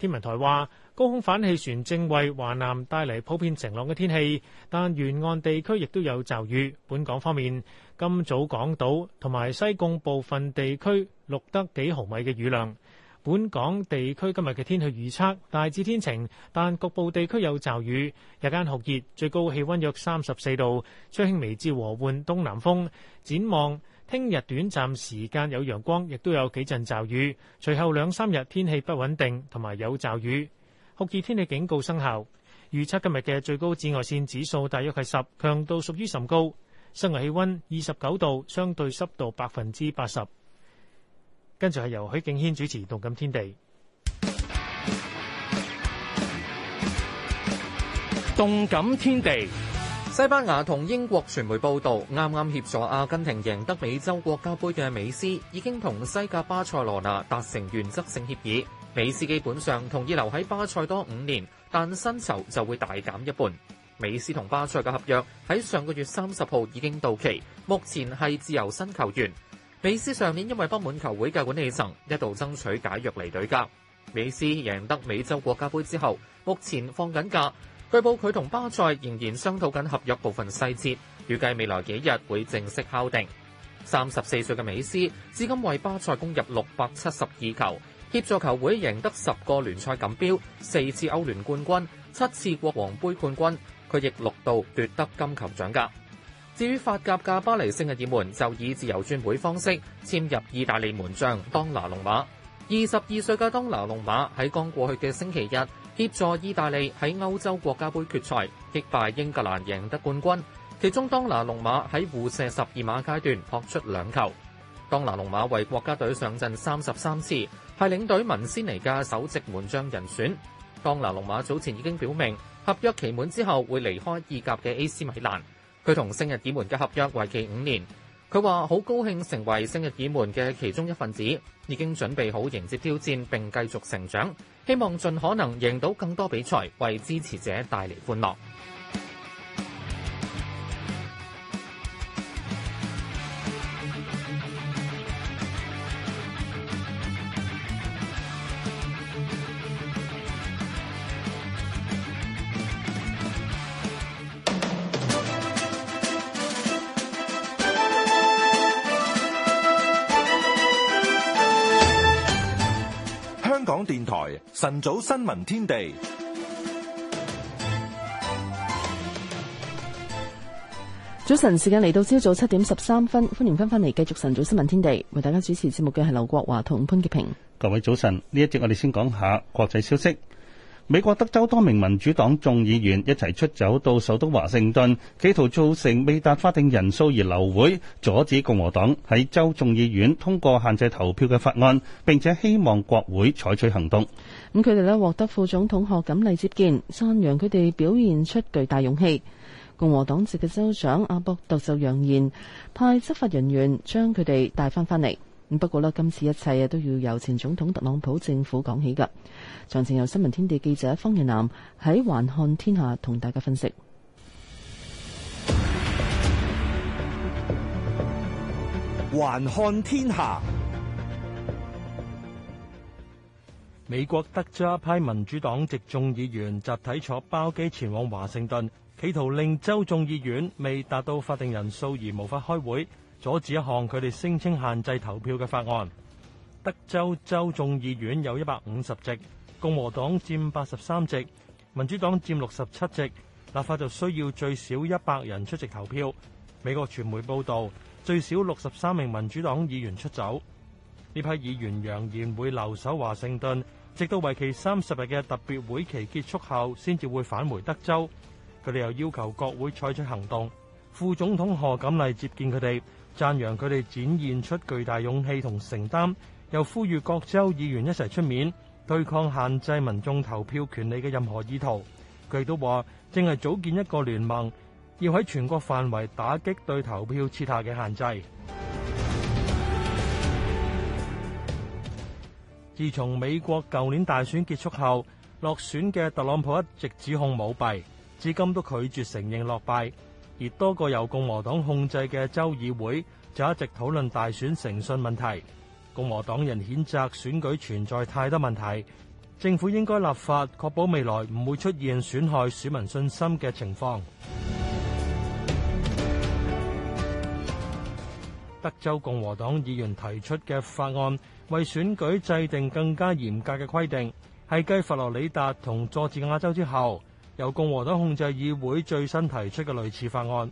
天文台話，高空反氣旋正為華南帶嚟普遍晴朗嘅天氣，但沿岸地區亦都有驟雨。本港方面，今早港島同埋西貢部分地區錄得幾毫米嘅雨量。本港地區今日嘅天氣預測大致天晴，但局部地區有驟雨。日間酷熱，最高氣溫約三十四度，吹輕微至和緩東南風。展望。聽日短暫時間有陽光，亦都有幾陣驟雨。隨後兩三日天氣不穩定，同埋有驟雨。酷熱天氣警告生效。預測今日嘅最高紫外線指數大約係十，強度屬於甚高。室外氣溫二十九度，相對濕度百分之八十。跟住係由許敬軒主持《動感天地》。《動感天地》西班牙同英國傳媒報道，啱啱協助阿根廷贏得美洲國家杯嘅美斯，已經同西甲巴塞羅那達成原則性協議。美斯基本上同意留喺巴塞多五年，但薪酬就會大減一半。美斯同巴塞嘅合約喺上個月三十號已經到期，目前係自由身球員。美斯上年因為不滿球會嘅管理層，一度爭取解約離隊。噶美斯贏得美洲國家杯之後，目前放緊假。據報佢同巴塞仍然商討緊合約部分細節，預計未來幾日會正式敲定。三十四歲嘅美斯至今為巴塞攻入六百七十二球，協助球會贏得十個聯賽錦標、四次歐聯冠軍、七次國王杯冠軍。佢亦六度奪得金球獎格。至於法甲嘅巴黎聖日耳門就以自由轉會方式簽入意大利門將當拿龍馬。二十二歲嘅當拿龍馬喺剛過去嘅星期日，協助意大利喺歐洲國家杯決賽擊敗英格蘭贏得冠軍，其中當拿龍馬喺互射十二碼階段撲出兩球。當拿龍馬為國家隊上陣三十三次，係領隊文斯尼嘅首席門將人選。當拿龍馬早前已經表明，合約期滿之後會離開意甲嘅 AC 米蘭，佢同聖日耳門嘅合約為期五年。佢話：好高興成為聖日耳門嘅其中一份子，已經準備好迎接挑戰並繼續成長，希望盡可能贏到更多比賽，為支持者帶嚟歡樂。晨早新聞天地，早晨時間嚟到，朝早七點十三分，歡迎翻返嚟繼續晨早新聞天地，為大家主持節目嘅係劉國華同潘潔平。各位早晨，呢一節我哋先講下國際消息。美國德州多名民主黨眾議員一齊出走到首都華盛頓，企圖造成未達法定人數而流會，阻止共和黨喺州眾議院通過限制投票嘅法案，並且希望國會採取行動。咁佢哋呢，獲得副總統賀錦麗接見，讚揚佢哋表現出巨大勇氣。共和黨籍嘅州長阿博特就揚言派執法人員將佢哋帶翻返嚟。不過呢今次一切啊都要由前總統特朗普政府講起噶詳情由新聞天地記者方仁南喺《環看天下》同大家分析。環看天下，美國德州派民主黨籍眾議員集體坐包機前往華盛頓，企圖令州眾議院未達到法定人數而無法開會。阻止一項佢哋聲稱限制投票嘅法案。德州州眾議院有一百五十席，共和黨佔八十三席，民主黨佔六十七席。立法就需要最少一百人出席投票。美國傳媒報道，最少六十三名民主黨議員出走。呢批議員揚言會留守華盛頓，直到為期三十日嘅特別會期結束後，先至會返回德州。佢哋又要求國會採取行動。副總統賀錦麗接見佢哋。讚揚佢哋展現出巨大勇氣同承擔，又呼籲各州議員一齊出面對抗限制民眾投票權利嘅任何意圖。佢哋都話正係組建一個聯盟，要喺全國範圍打擊對投票設下嘅限制。自從美國舊年大選結束後，落選嘅特朗普一直指控舞弊，至今都拒絕承認落敗。而多個由共和黨控制嘅州議會就一直討論大選誠信問題。共和黨人譴責選舉存在太多問題，政府應該立法確保未來唔會出現損害選民信心嘅情況。德州共和黨議員提出嘅法案，為選舉制定更加嚴格嘅規定，係繼佛羅里達同佐治亞州之後。由共和黨控制議會最新提出嘅類似法案，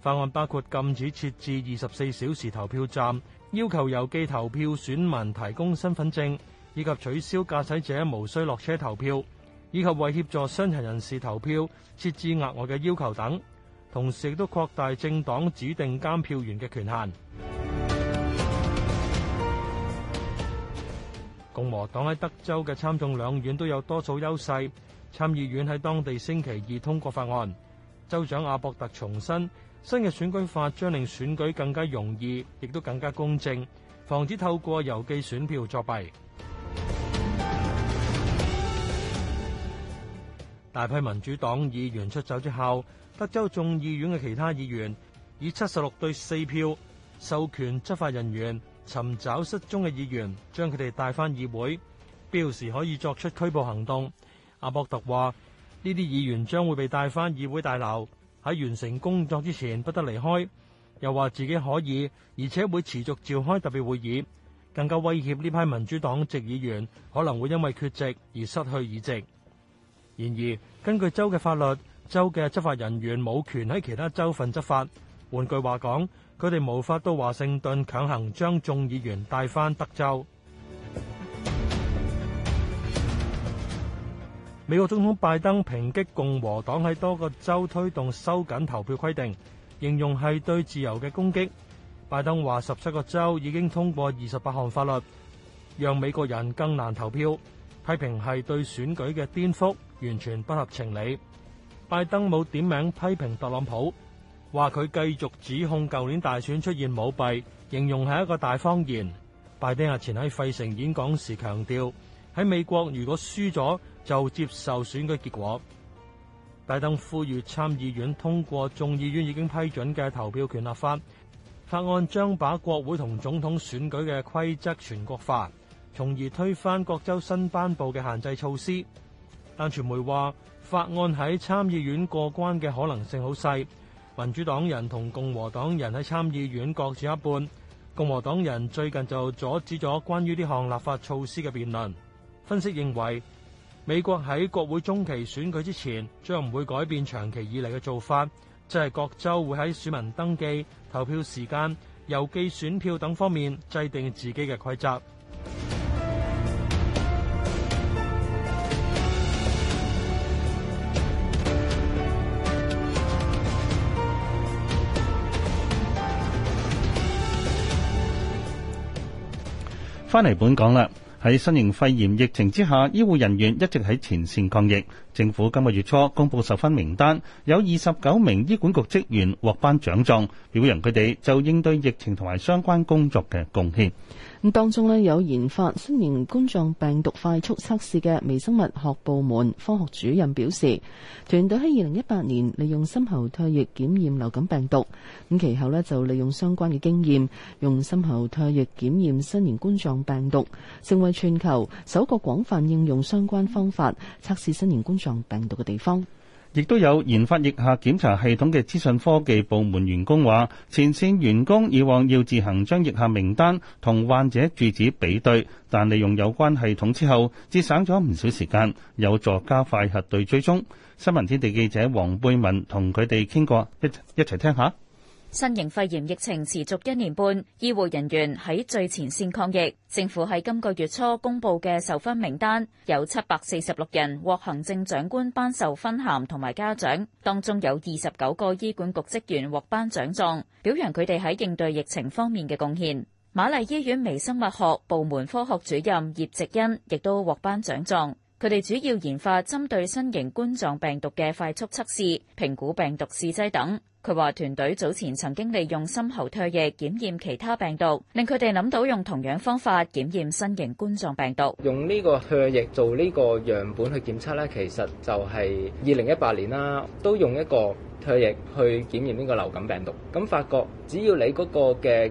法案包括禁止設置二十四小時投票站，要求郵寄投票選民提供身份證，以及取消駕駛者無需落車投票，以及為協助傷殘人士投票設置額外嘅要求等。同時亦都擴大政黨指定監票員嘅權限。共和黨喺德州嘅參眾兩院都有多數優勢。參議院喺當地星期二通過法案。州長阿博特重申，新嘅選舉法將令選舉更加容易，亦都更加公正，防止透過郵寄選票作弊。大批民主黨議員出走之後，德州眾議院嘅其他議員以七十六對四票授權執法人員尋找失蹤嘅議員，將佢哋帶返議會，表示可以作出拘捕行動。阿博特話，呢啲議員將會被帶返議會大樓，喺完成工作之前不得離開，又話自己可以，而且會持續召開特別會議，更加威脅呢批民主黨籍議員可能會因為缺席而失去議席。然而，根據州嘅法律，州嘅執法人員冇權喺其他州份執法。換句話講，佢哋無法到華盛頓強行將眾議員帶返德州。美國總統拜登抨擊共和黨喺多個州推動收緊投票規定，形容係對自由嘅攻擊。拜登話十七個州已經通過二十八項法律，讓美國人更難投票，批評係對選舉嘅顛覆，完全不合情理。拜登冇點名批評特朗普，話佢繼續指控舊年大選出現舞弊，形容係一個大謊言。拜登日前喺費城演講時強調。喺美國，如果輸咗就接受選舉結果。拜登呼籲參議院通過眾議院已經批准嘅投票權立法法案，將把國會同總統選舉嘅規則全國化，從而推翻各州新頒布嘅限制措施。但傳媒話，法案喺參議院過關嘅可能性好細。民主黨人同共和黨人喺參議院各自一半，共和黨人最近就阻止咗關於呢項立法措施嘅辯論。分析認為，美國喺國會中期選舉之前，將唔會改變長期以嚟嘅做法，即係各州會喺選民登記、投票時間、郵寄選票等方面制定自己嘅規則。翻嚟本港啦。喺新型肺炎疫情之下，醫護人員一直喺前線抗疫。政府今個月初公布受勳名單，有二十九名醫管局職員獲頒獎狀，表揚佢哋就應對疫情同埋相關工作嘅貢獻。當中有研發新型冠狀病毒快速測試嘅微生物學部門科學主任表示，團隊喺二零一八年利用深喉唾液檢驗流感病毒，咁其後就利用相關嘅經驗，用深喉唾液檢驗新型冠狀病毒，成為全球首個廣泛應用相關方法測試新型冠狀病毒嘅地方。亦都有研發疫廈檢查系統嘅資訊科技部門員工話，前線員工以往要自行將疫廈名單同患者住址比對，但利用有關系統之後，節省咗唔少時間，有助加快核對追蹤。新聞天地記者黃貝文同佢哋傾過，一一齊聽下。新型肺炎疫情持續一年半，醫護人員喺最前線抗疫。政府喺今個月初公布嘅授勳名單，有七百四十六人獲行政長官頒授勳銜同埋嘉獎，當中有二十九個醫管局職員獲頒獎狀，表揚佢哋喺應對疫情方面嘅貢獻，瑪麗醫院微生物學部門科學主任葉植恩亦都獲頒獎狀，佢哋主要研發針對新型冠狀病毒嘅快速測試、評估病毒試劑等。佢話：他說團隊早前曾經利用深喉唾液檢驗其他病毒，令佢哋諗到用同樣方法檢驗新型冠狀病毒。用呢個唾液做呢個樣本去檢測呢，其實就係二零一八年啦，都用一個唾液去檢驗呢個流感病毒，咁發覺只要你嗰個嘅。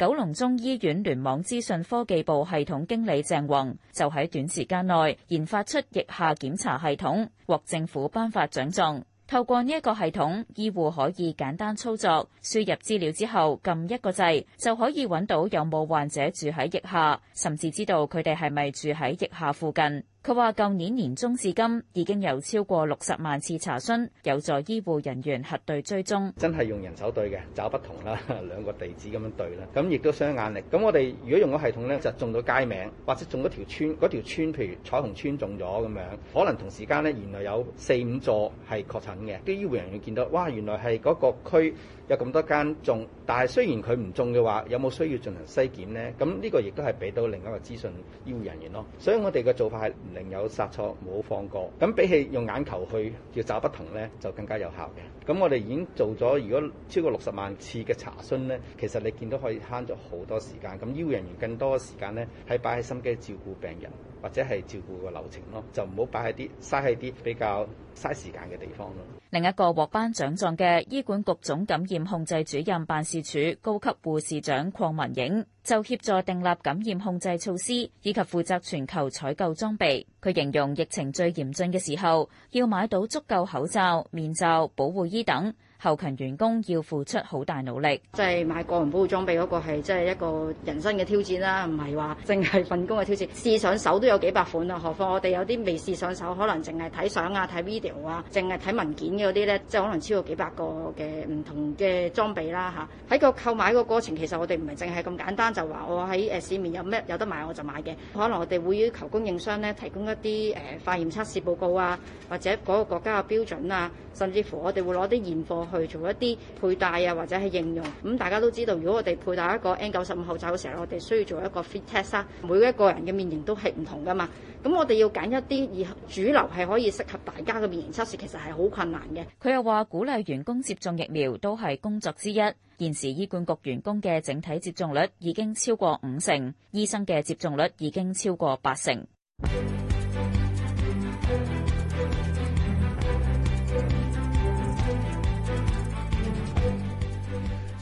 九龍中醫院聯網資訊科技部系統經理鄭宏就喺短時間內研發出疫廈檢查系統，獲政府頒發獎狀。透過呢一個系統，醫護可以簡單操作，輸入資料之後，撳一個掣就可以揾到有冇患者住喺疫廈，甚至知道佢哋係咪住喺疫廈附近。佢話，舊年年中至今已經有超過六十萬次查詢，有助醫護人員核對追蹤。真係用人手對嘅，找不同啦，兩個地址咁樣對啦，咁亦都傷眼力。咁我哋如果用個系統咧，就中到街名，或者中咗條村，嗰條村譬如彩虹村中咗咁樣，可能同時間咧原來有四五座係確診嘅，啲醫護人員見到，哇，原來係嗰個區。有咁多間中，但係雖然佢唔中嘅話，有冇需要進行篩檢呢？咁呢個亦都係俾到另一個資訊醫護人員咯。所以我哋嘅做法係寧有殺錯，冇放過。咁比起用眼球去要找不同呢，就更加有效嘅。咁我哋已經做咗，如果超過六十萬次嘅查詢呢，其實你見到可以慳咗好多時間。咁醫護人員更多嘅時間呢，係擺喺心機照顧病人。或者係照顧個流程咯，就唔好擺喺啲嘥喺啲比較嘥時間嘅地方咯。另一個獲頒獎狀嘅醫管局總感染控制主任辦事處高級護士長鄺文影，就協助訂立感染控制措施，以及負責全球採購裝備。佢形容疫情最嚴峻嘅時候，要買到足夠口罩、面罩、保護衣等。後勤員工要付出好大努力，即係買個人保護裝備嗰個係即係一個人生嘅挑戰啦，唔係話淨係份工嘅挑戰。試上手都有幾百款啦，何況我哋有啲未試上手，可能淨係睇相啊、睇 video 啊、淨係睇文件嗰啲咧，即係可能超過幾百個嘅唔同嘅裝備啦。吓，喺個購買個過程，其實我哋唔係淨係咁簡單，就話我喺誒市面有咩有得買我就買嘅。可能我哋會要求供應商咧提供一啲誒、呃、化驗測試報告啊，或者嗰個國家嘅標準啊，甚至乎我哋會攞啲現貨。去做一啲佩戴啊，或者係應用。咁大家都知道，如果我哋佩戴一個 N 九十五口罩嘅時候，我哋需要做一個 fit test 啦。每一個人嘅面型都係唔同噶嘛，咁我哋要揀一啲以主流係可以適合大家嘅面型測試，其實係好困難嘅。佢又話鼓勵員工接種疫苗都係工作之一。現時醫管局員工嘅整體接種率已經超過五成，醫生嘅接種率已經超過八成。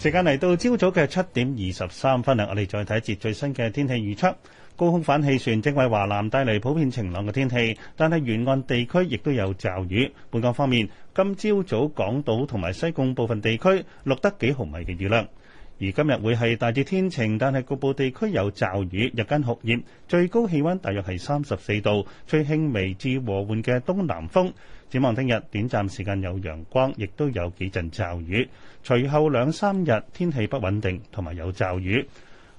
時間嚟到朝早嘅七點二十三分啦，我哋再睇一節最新嘅天氣預測。高空反氣旋正為華南帶嚟普遍晴朗嘅天氣，但係沿岸地區亦都有驟雨。本港方面，今朝早港島同埋西貢部分地區錄得幾毫米嘅雨量。而今日會係大致天晴，但係局部地區有驟雨，日間酷熱，最高氣温大約係三十四度，吹輕微至和緩嘅東南風。展望聽日短暫時間有陽光，亦都有幾陣驟雨，隨後兩三日天氣不穩定，同埋有驟雨。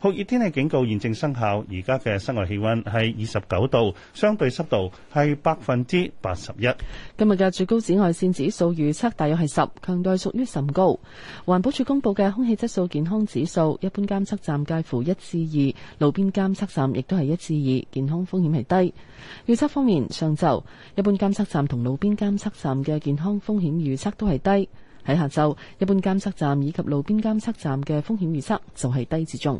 酷熱天氣警告現正生效。而家嘅室外氣温係二十九度，相對濕度係百分之八十一。今日嘅最高紫外線指數預測大約係十，強度屬於甚高。環保署公布嘅空氣質素健康指數，一般監測站介乎一至二，路邊監測站亦都係一至二，健康風險係低。預測方面，上晝一般監測站同路邊監測站嘅健康風險預測都係低。喺下晝，一般監測站以及路邊監測站嘅風險預測就係低至中。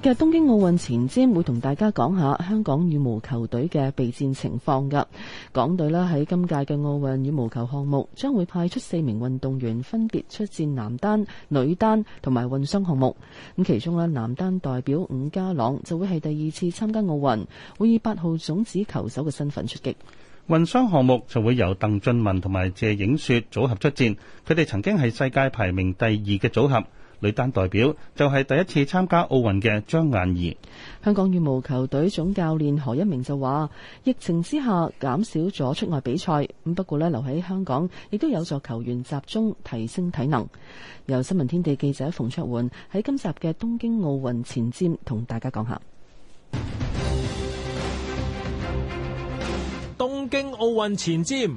嘅東京奧運前瞻會同大家講下香港羽毛球隊嘅備戰情況噶。港隊啦，喺今屆嘅奧運羽毛球項目將會派出四名運動員分別出戰男單、女單同埋混雙項目。咁其中啦，男單代表伍家朗就會係第二次參加奧運，會以八號種子球手嘅身份出擊。混雙項目就會由鄧俊文同埋謝影雪組合出戰，佢哋曾經係世界排名第二嘅組合。女單代表就係第一次參加奧運嘅張雁儀。香港羽毛球隊總教練何一鳴就話，疫情之下減少咗出外比賽，咁不過呢，留喺香港亦都有助球員集中提升體能。由新聞天地記者馮卓煥喺今集嘅東京奧運前瞻同大家講下。東京奧運前瞻。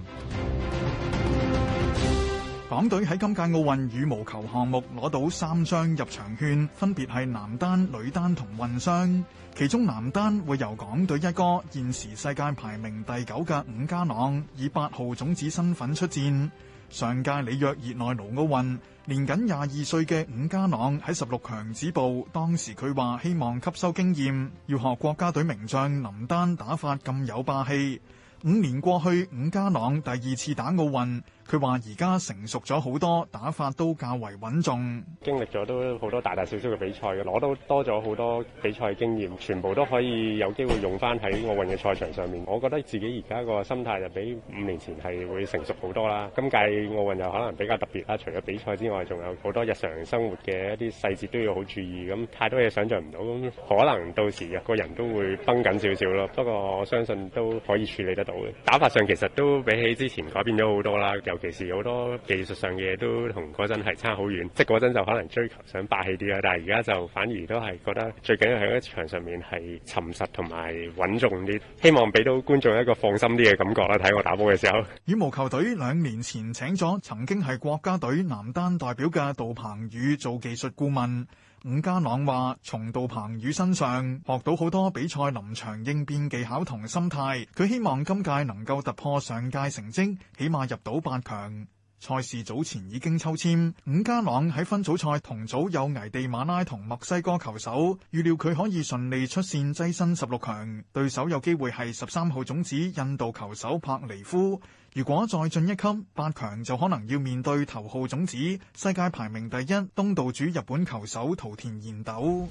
港隊喺今屆奧運羽毛球項目攞到三張入場券，分別係男單、女單同混雙。其中男單會由港隊一哥現時世界排名第九嘅伍家朗以八號種子身份出戰。上屆里約熱內盧奧運，年僅廿二歲嘅伍家朗喺十六強止步。當時佢話希望吸收經驗，要學國家隊名將林丹打法咁有霸氣。五年過去，伍家朗第二次打奧運。佢話：而家成熟咗好多，打法都較為穩重。經歷咗都好多大大小小嘅比賽，攞到多咗好多比賽經驗，全部都可以有機會用翻喺奧運嘅賽場上面。我覺得自己而家個心態就比五年前係會成熟好多啦。今屆奧運又可能比較特別啦，除咗比賽之外，仲有好多日常生活嘅一啲細節都要好注意。咁太多嘢想象唔到，咁可能到時個人都會崩緊少少咯。不過我相信都可以處理得到嘅。打法上其實都比起之前改變咗好多啦。尤其是好多技術上嘅嘢都同嗰陣係差好遠，即係嗰陣就可能追求想霸氣啲啦，但係而家就反而都係覺得最緊要喺一場上面係沉實同埋穩重啲，希望俾到觀眾一個放心啲嘅感覺啦。睇我打波嘅時候，羽毛球隊兩年前請咗曾經係國家隊男單代表嘅杜鵬宇做技術顧問。伍家朗話：從杜鵬宇身上學到好多比賽臨場應變技巧同心態。佢希望今屆能夠突破上屆成績，起碼入到八強。賽事早前已經抽簽，伍家朗喺分組賽同組有危地馬拉同墨西哥球手，預料佢可以順利出線躋身十六強。對手有機會係十三號種子印度球手帕尼夫。如果再進一級，八強就可能要面對頭號種子、世界排名第一、東道主日本球手桃田賢斗。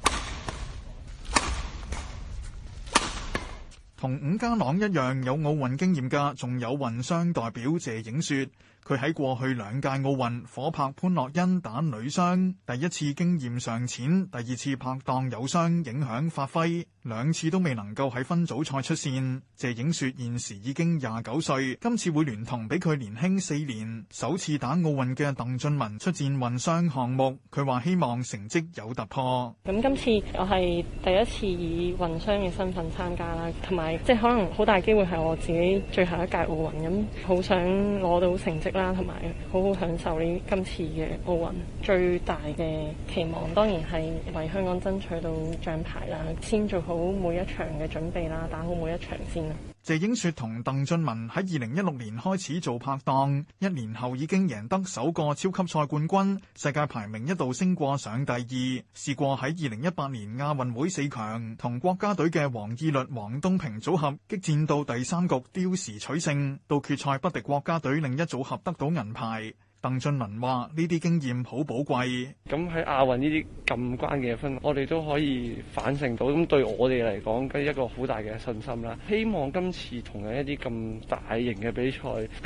同伍家朗一樣有奧運經驗嘅，仲有混雙代表謝影雪。佢喺過去兩屆奧運火拍潘樂恩打女雙，第一次經驗尚淺，第二次拍檔有傷影響發揮。兩次都未能夠喺分組賽出線，謝影雪現時已經廿九歲，今次會聯同比佢年輕四年、首次打奧運嘅鄧俊文出戰混雙項目。佢話希望成績有突破。咁今次我係第一次以混雙嘅身份參加啦，同埋即係可能好大機會係我自己最後一屆奧運，咁好想攞到成績啦，同埋好好享受呢今次嘅奧運。最大嘅期望當然係為香港爭取到獎牌啦，先做好。好每一場嘅準備啦，打好每一場先啊！謝影雪同鄧俊文喺二零一六年開始做拍檔，一年後已經贏得首個超級賽冠軍，世界排名一度升過上第二，試過喺二零一八年亞運會四強，同國家隊嘅王懿律、黃東萍組合激戰到第三局刁時取勝，到決賽不敵國家隊另一組合得到銀牌。鄧俊文話：呢啲經驗好寶貴，咁喺亞運呢啲咁關鍵嘅分，我哋都可以反省到，咁對我哋嚟講，梗係一個好大嘅信心啦。希望今次同樣一啲咁大型嘅比賽，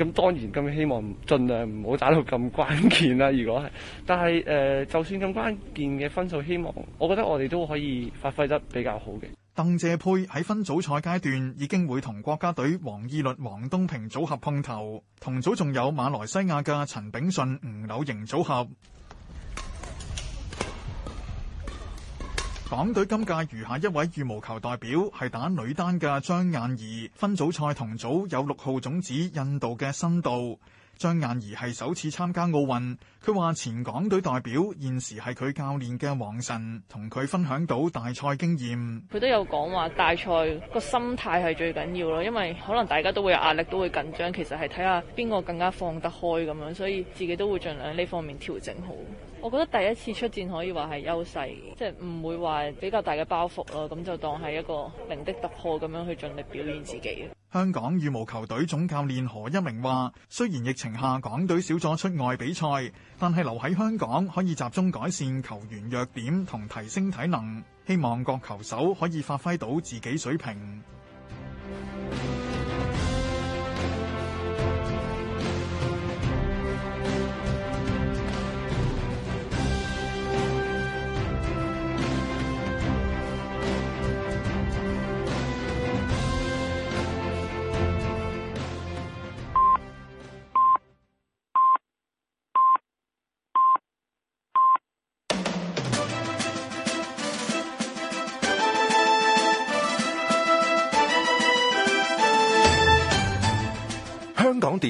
咁當然咁希望盡量唔好打到咁關鍵啦，啊。如果係，但係誒、呃，就算咁關鍵嘅分數，希望我覺得我哋都可以發揮得比較好嘅。鄧謝佩喺分組賽階段已經會同國家隊王懿律、黃東平組合碰頭，同組仲有馬來西亞嘅陳炳順、吳柳瑩組合。港隊今屆餘下一位羽毛球代表係打女單嘅張雁宜，分組賽同組有六號種子印度嘅辛杜。張雁儀係首次參加奧運，佢話前港隊代表現時係佢教練嘅王晨，同佢分享到大賽經驗。佢都有講話，大賽個心態係最緊要咯，因為可能大家都會有壓力，都會緊張。其實係睇下邊個更加放得開咁樣，所以自己都會盡量呢方面調整好。我覺得第一次出戰可以話係優勢，即係唔會話比較大嘅包袱咯，咁就當係一個零的突破咁樣去盡力表現自己。香港羽毛球隊總教練何一鳴話，雖然疫情下港隊少咗出外比賽，但係留喺香港可以集中改善球員弱點同提升體能，希望各球手可以發揮到自己水平。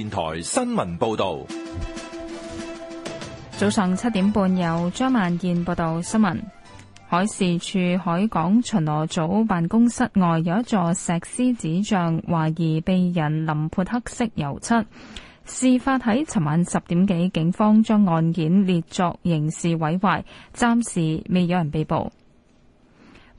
電台新聞報道：早上七點半，有張萬健報道新聞。海事處海港巡邏組辦公室外有一座石獅子像，懷疑被人淋潑黑色油漆。事發喺尋晚十點幾，警方將案件列作刑事毀壞，暫時未有人被捕。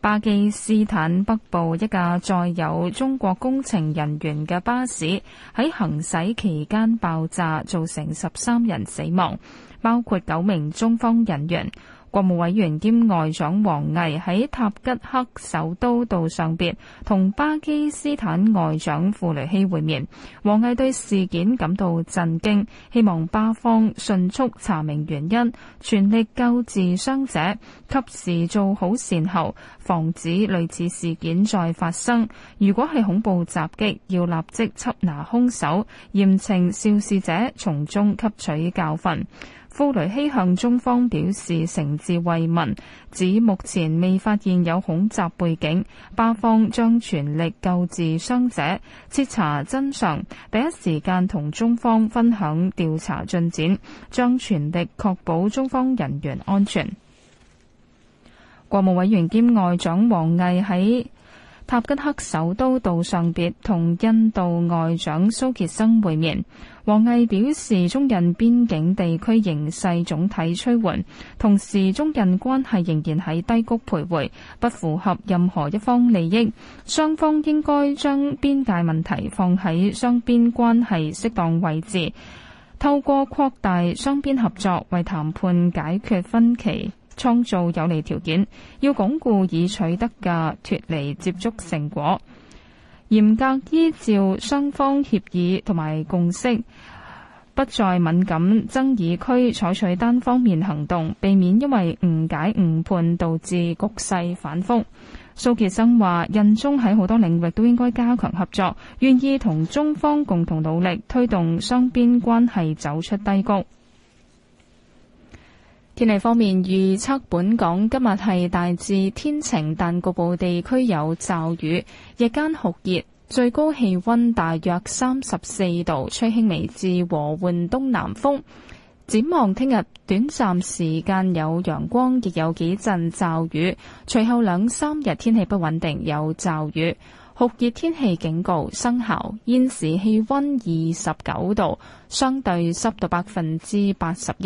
巴基斯坦北部一架載有中國工程人員嘅巴士喺行駛期間爆炸，造成十三人死亡，包括九名中方人員。國務委員兼外長王毅喺塔吉克首都杜尚別同巴基斯坦外長庫雷希會面。王毅對事件感到震驚，希望巴方迅速查明原因，全力救治傷者，及時做好善後，防止類似事件再發生。如果係恐怖襲擊，要立即緝拿兇手，嚴懲肇事者，從中吸取教訓。呼雷希向中方表示誠摯慰問，指目前未發現有恐襲背景，巴方將全力救治傷者，徹查真相，第一時間同中方分享調查進展，將全力確保中方人員安全。國務委員兼外長王毅喺塔吉克首都杜尚別同印度外長蘇傑生會面，王毅表示，中印邊境地區形勢總體趨緩，同時中印關係仍然喺低谷徘徊，不符合任何一方利益。雙方應該將邊界問題放喺雙邊關係適當位置，透過擴大雙邊合作，為談判解決分歧。創造有利條件，要鞏固已取得嘅脫離接觸成果，嚴格依照雙方協議同埋共識，不在敏感爭議區採取單方面行動，避免因為誤解誤判導致局勢反覆。蘇傑生話：印中喺好多領域都應該加強合作，願意同中方共同努力推動雙邊關係走出低谷。天氣方面，預測本港今日係大致天晴，但局部地區有驟雨，日間酷熱，最高氣温大約三十四度，吹輕微至和緩東南風。展望聽日短暫時間有陽光，亦有幾陣驟雨，隨後兩三日天氣不穩定，有驟雨。酷熱天氣警告生效，現時氣温二十九度，相對濕度百分之八十一。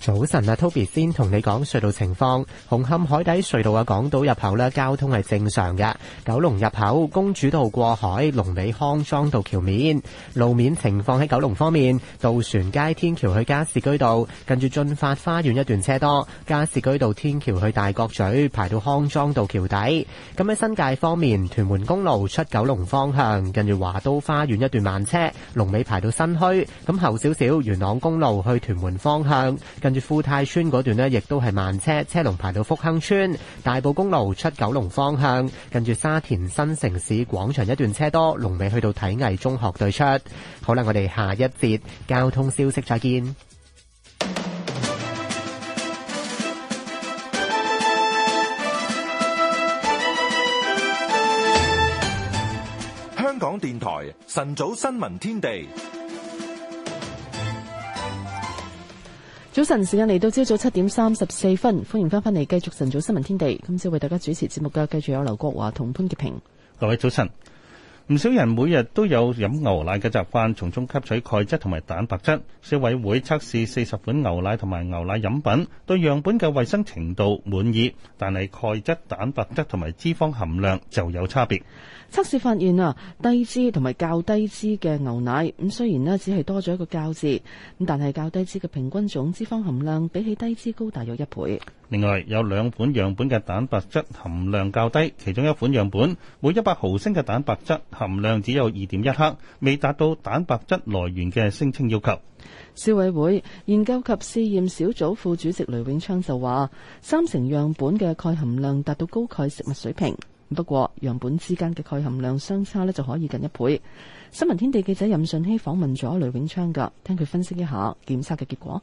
早晨啊，Toby 先同你講隧道情況。紅磡海底隧道嘅港島入口呢，交通係正常㗎。九龍入口公主道過海，龍尾康莊道橋面路面情況。喺九龍方面，渡船街天橋去加士居道，近住駿發花園一段車多。加士居道天橋去大角咀排到康莊道橋底。咁喺新界方面，屯門公路出九龍方向，近住華都花園一段慢車，龍尾排到新墟。咁後少少，元朗公路去屯門方向。跟住富泰村嗰段咧，亦都係慢車，車龍排到福亨村。大埔公路出九龍方向，跟住沙田新城市廣場一段車多，龍尾去到體藝中學對出。好啦，我哋下一節交通消息再見。香港電台晨早新聞天地。早晨，時間嚟到朝早七點三十四分，歡迎翻返嚟繼續晨早新聞天地。今朝為大家主持節目嘅，繼續有劉國華同潘潔平。各位早晨，唔少人每日都有飲牛奶嘅習慣，從中吸取鈣質同埋蛋白質。消委會測試四十款牛奶同埋牛奶飲品，對樣本嘅衛生程度滿意，但係鈣質、蛋白質同埋脂肪含量就有差別。測試發現啊，低脂同埋較低脂嘅牛奶咁，雖然咧只係多咗一個較字咁，但係較低脂嘅平均總脂肪含量比起低脂高大約一倍。另外有兩款樣本嘅蛋白質含量較低，其中一款樣本每一百毫升嘅蛋白質含量只有二點一克，未達到蛋白質來源嘅聲稱要求。消委會研究及試驗小組副主席雷永昌就話：三成樣本嘅鈣含量達到高鈣食物水平。不過樣本之間嘅鈣含量相差咧就可以近一倍。新聞天地記者任順熙訪問咗雷永昌噶，聽佢分析一下檢測嘅結果。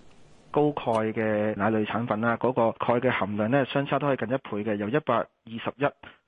高鈣嘅奶類產品啦，嗰個鈣嘅含量咧相差都可以近一倍嘅，由一百二十一。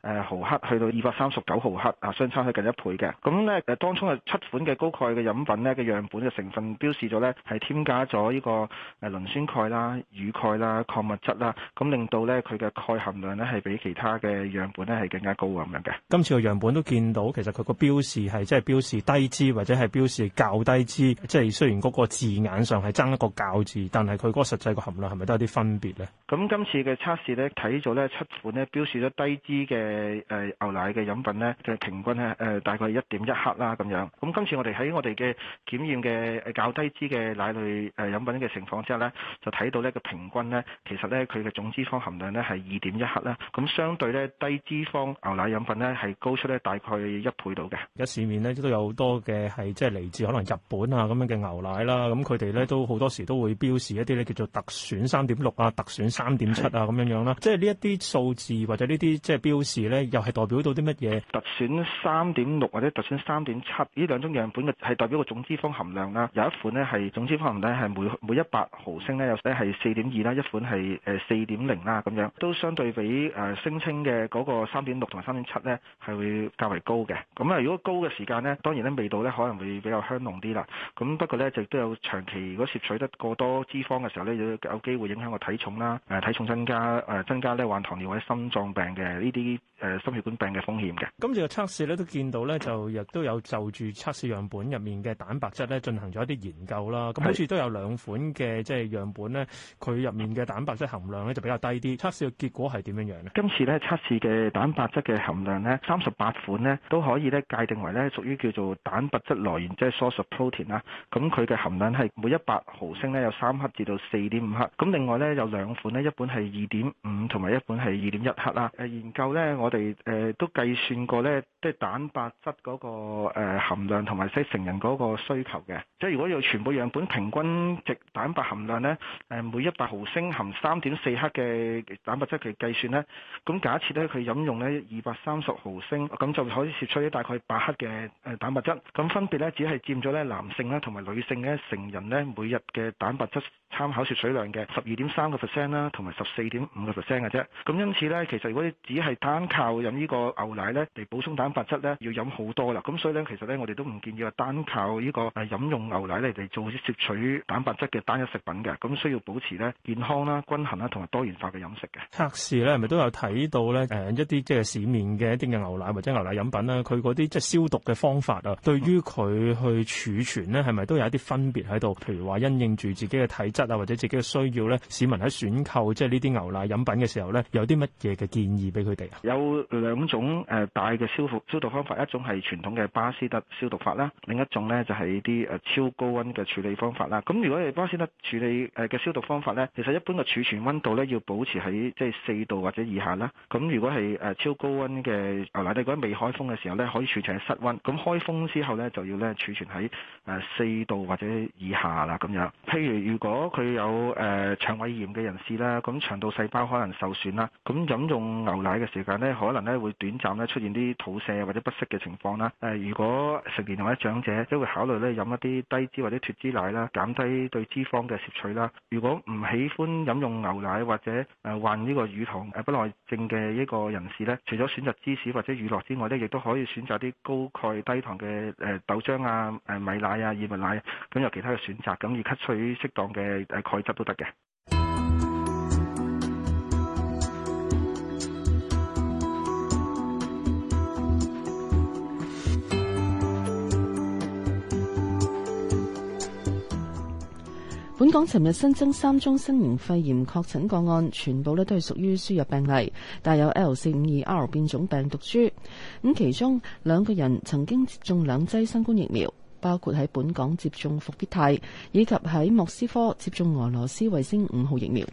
誒毫克去到二百三十九毫克啊，相差係近一倍嘅。咁咧誒當中嘅七款嘅高鈣嘅飲品咧嘅樣本嘅成分標示咗咧係添加咗呢個誒磷酸鈣啦、乳鈣啦、礦物質啦，咁令到咧佢嘅鈣含量咧係比其他嘅樣本咧係更加高咁樣嘅。今次嘅樣本都見到其實佢個標示係即係標示低脂或者係標示較低脂，即係雖然嗰個字眼上係爭一個較字，但係佢嗰個實際個含量係咪都有啲分別咧？咁今次嘅測試咧睇咗咧七款咧標示咗低脂嘅。誒誒，牛奶嘅飲品咧，嘅平均咧，誒大概一點一克啦咁樣。咁今次我哋喺我哋嘅檢驗嘅較低脂嘅奶類誒飲品嘅情況之下咧，就睇到呢個平均咧，其實咧佢嘅總脂肪含量咧係二點一克啦。咁相對咧低脂肪牛奶飲品咧係高出咧大概一倍度嘅。而家市面咧都有好多嘅係即係嚟自可能日本啊咁樣嘅牛奶啦，咁佢哋咧都好多時都會標示一啲咧叫做特選三點六啊、特選三點七啊咁樣樣啦。即係呢一啲數字或者呢啲即係標示。咧又係代表到啲乜嘢？特選三點六或者特選三點七呢兩種樣本嘅係代表個總脂肪含量啦。有一款呢係總脂肪含量係每每一百毫升呢，有咧係四點二啦，一款係誒四點零啦咁樣，都相對比誒聲稱嘅嗰個三點六同埋三點七呢係會較為高嘅。咁啊，如果高嘅時間呢，當然咧味道咧可能會比較香濃啲啦。咁不過咧就亦都有長期如果攝取得過多脂肪嘅時候咧，有機會影響個體重啦，誒體重增加誒增加咧患糖尿病、心臟病嘅呢啲。誒、呃、心血管病嘅風險嘅，今次嘅測試咧都見到咧，就亦都有就住測試樣本入面嘅蛋白質咧進行咗一啲研究啦。咁是好似都有兩款嘅即係樣本咧，佢入面嘅蛋白質含量咧就比較低啲。測試嘅結果係點樣樣呢？今次咧測試嘅蛋白質嘅含量咧，三十八款呢都可以咧界定為咧屬於叫做蛋白質來源，即係 source of protein 啦。咁佢嘅含量係每一百毫升咧有三克至到四點五克。咁另外咧有兩款呢，一本係二點五，同埋一本係二點一克啦。誒、呃、研究咧我。我哋誒都計算過咧。即係蛋白質嗰個含量同埋即成人嗰個需求嘅，即係如果要全部樣本平均值蛋白含量咧，誒每一百毫升含三點四克嘅蛋白質，嘅計算咧，咁假設咧佢飲用咧二百三十毫升，咁就可以攝取咧大概八克嘅誒蛋白質，咁分別咧只係佔咗咧男性啦同埋女性咧成人咧每日嘅蛋白質參考攝取量嘅十二點三個 percent 啦，同埋十四點五個 percent 嘅啫。咁因此咧，其實如果只係單靠飲呢個牛奶咧嚟補充蛋白，.蛋白質咧要飲好多啦，咁所以咧其實咧我哋都唔建議話單靠呢個誒飲用牛奶嚟嚟做攝取蛋白質嘅單一食品嘅，咁需要保持咧健康啦、均衡啦同埋多元化嘅飲食嘅。測試咧係咪都有睇到咧一啲即係市面嘅一啲嘅牛奶或者牛奶飲品啦，佢嗰啲即係消毒嘅方法啊，對於佢去儲存咧係咪都有一啲分別喺度？譬如話因應住自己嘅體質啊或者自己嘅需要咧，市民喺選購即係呢啲牛奶飲品嘅時候咧，有啲乜嘢嘅建議俾佢哋啊？有兩種誒大嘅消防消毒方法一種係傳統嘅巴斯德消毒法啦，另一種呢就係啲誒超高溫嘅處理方法啦。咁如果係巴斯德處理誒嘅消毒方法呢，其實一般嘅儲存溫度呢要保持喺即係四度或者以下啦。咁如果係誒超高溫嘅牛奶，如果未開封嘅時候呢可以儲存喺室溫。咁開封之後呢就要咧儲存喺誒四度或者以下啦。咁樣，譬如如果佢有誒腸胃炎嘅人士啦，咁腸道細胞可能受損啦，咁飲用牛奶嘅時間呢可能咧會短暫咧出現啲肚。或者不適嘅情況啦。誒，如果成年或者長者，即會考慮咧飲一啲低脂或者脫脂奶啦，減低對脂肪嘅攝取啦。如果唔喜歡飲用牛奶或者誒患呢個乳糖誒不耐症嘅呢個人士咧，除咗選擇芝士或者乳酪之外咧，亦都可以選擇啲高鈣低糖嘅誒豆漿啊、誒米奶啊、燕麥奶咁有其他嘅選擇，咁而吸取適當嘅誒鈣質都得嘅。本港尋日新增三宗新型肺炎確診個案，全部咧都係屬於輸入病例，帶有 L 四五二 R 變種病毒株。咁其中兩個人曾經接種兩劑新冠疫苗，包括喺本港接種復必泰，以及喺莫斯科接種俄羅斯衛星五號疫苗。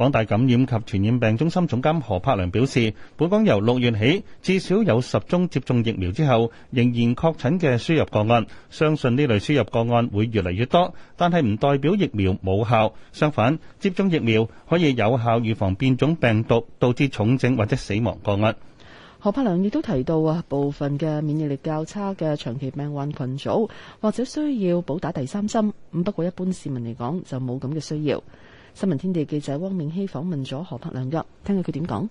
港大感染及傳染病中心總監何柏良表示，本港由六月起，至少有十宗接種疫苗之後，仍然確診嘅輸入個案，相信這類輸入個案會越嚟越多，但係唔代表疫苗冇效，相反，接種疫苗可以有效預防變種病毒，導致重症或者死亡個案。何柏良亦都提到啊，部分嘅免疫力較差嘅長期病患群組，或者需要補打第三針，咁不過一般市民嚟講，就冇咁嘅需要。新聞天地記者汪明熙訪問咗何柏良嘅，聽下佢點講。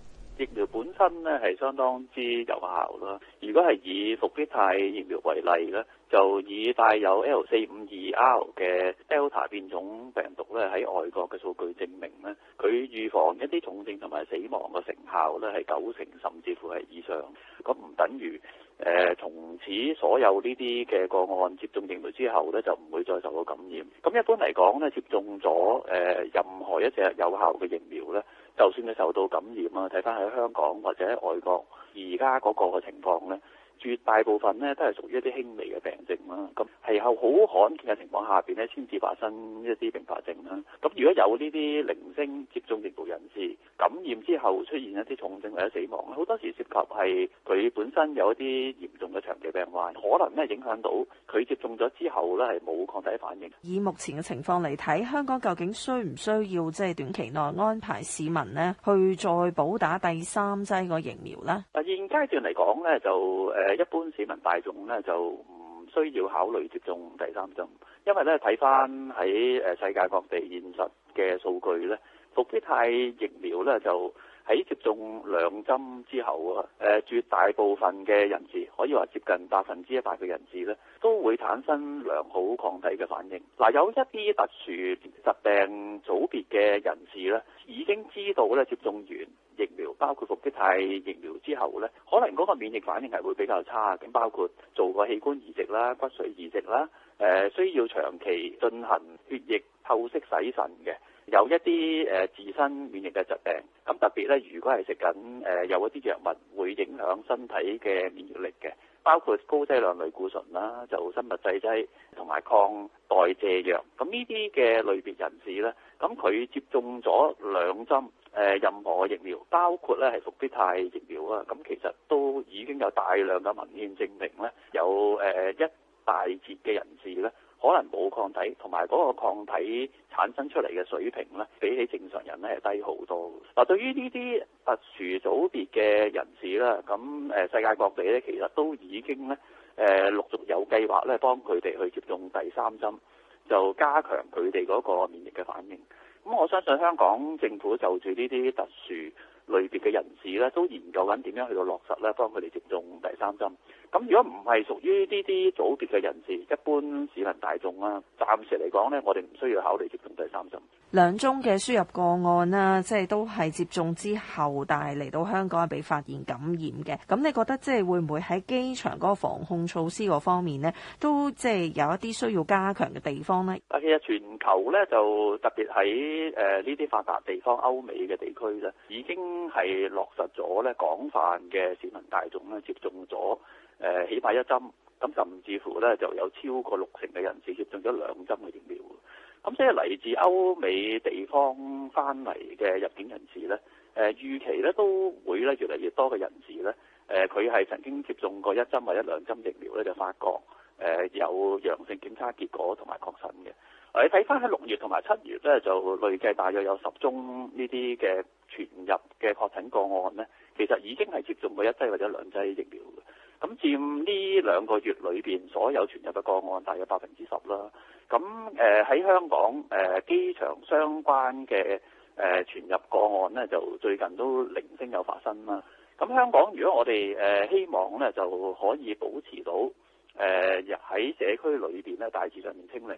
新咧係相當之有效啦。如果係以復必泰疫苗為例咧，就以帶有 L 四五二 R 嘅 Delta 變種病毒咧，喺外國嘅數據證明咧，佢預防一啲重症同埋死亡嘅成效咧係九成甚至乎係以上。咁唔等於誒從此所有呢啲嘅個案接種疫苗之後咧，就唔會再受到感染。咁一般嚟講咧，接種咗誒任何一隻有效嘅疫苗咧。就算你受到感染啊，睇翻喺香港或者喺外國在那，而家嗰個嘅情況咧。絕大部分咧都係屬於一啲輕微嘅病症啦，咁係後好罕見嘅情況下邊咧先至發生一啲併發症啦。咁如果有呢啲零星接種疫苗人士感染之後出現一啲重症或者死亡，好多時涉及係佢本身有一啲嚴重嘅長期病患，可能咧影響到佢接種咗之後咧係冇抗體反應。以目前嘅情況嚟睇，香港究竟需唔需要即係、就是、短期內安排市民呢去再補打第三劑個疫苗呢？啊，現階段嚟講咧就誒。呃一般市民大眾咧就唔需要考慮接種第三針，因為咧睇返喺誒世界各地現實嘅數據咧，復必泰疫苗咧就。喺接種兩針之後啊，誒絕大部分嘅人士可以話接近百分之一百嘅人士咧，都會產生良好抗體嘅反應。嗱，有一啲特殊疾病組別嘅人士咧，已經知道咧接種完疫苗，包括復必泰疫苗之後咧，可能嗰個免疫反應係會比較差，包括做個器官移植啦、骨髓移植啦，誒需要長期進行血液透析洗腎嘅。有一啲自身免疫嘅疾病，咁特別咧，如果係食緊有一啲藥物會影響身體嘅免疫力嘅，包括高劑量類固醇啦，就生物製劑同埋抗代謝藥，咁呢啲嘅類別人士咧，咁佢接種咗兩針、呃、任何疫苗，包括咧係復必泰疫苗啊，咁其實都已經有大量嘅文獻證明咧，有、呃、一大截嘅人士咧。可能冇抗體，同埋嗰個抗體產生出嚟嘅水平咧，比起正常人咧係低好多。嗱，對於呢啲特殊組別嘅人士啦，咁誒世界各地咧其實都已經咧誒、呃、陸續有計劃咧幫佢哋去接種第三針，就加強佢哋嗰個免疫嘅反應。咁我相信香港政府就住呢啲特殊。類別嘅人士咧，都研究緊點樣去到落實咧，幫佢哋接種第三針。咁如果唔係屬於呢啲組別嘅人士，一般市民大眾啊，暫時嚟講咧，我哋唔需要考慮接種第三針。兩宗嘅輸入個案啦，即係都係接種之後，帶嚟到香港係被發現感染嘅。咁你覺得即係會唔會喺機場嗰個防控措施嗰方面咧，都即係有一啲需要加強嘅地方呢？啊，其實全球咧就特別喺誒呢啲發達地方、歐美嘅地區咧，已經。係落實咗咧，廣泛嘅市民大眾咧，接種咗誒、呃、起碼一針，咁甚至乎咧，就有超過六成嘅人士接種咗兩針嘅疫苗。咁即係嚟自歐美地方翻嚟嘅入境人士咧，誒、呃、預期咧都會咧越嚟越多嘅人士咧，誒佢係曾經接種過一針或者兩針疫苗咧，就發覺誒、呃、有陽性檢測結果同埋確診嘅。我睇翻喺六月同埋七月咧，就累計大約有十宗呢啲嘅傳入嘅確診個案咧，其實已經係接種過一劑或者兩劑疫苗嘅。咁佔呢兩個月裏邊所有傳入嘅個案大約百分之十啦。咁誒喺香港誒機場相關嘅誒傳入個案咧，就最近都零星有發生啦。咁香港如果我哋誒希望咧，就可以保持到誒喺社區裏邊咧大致上面清零。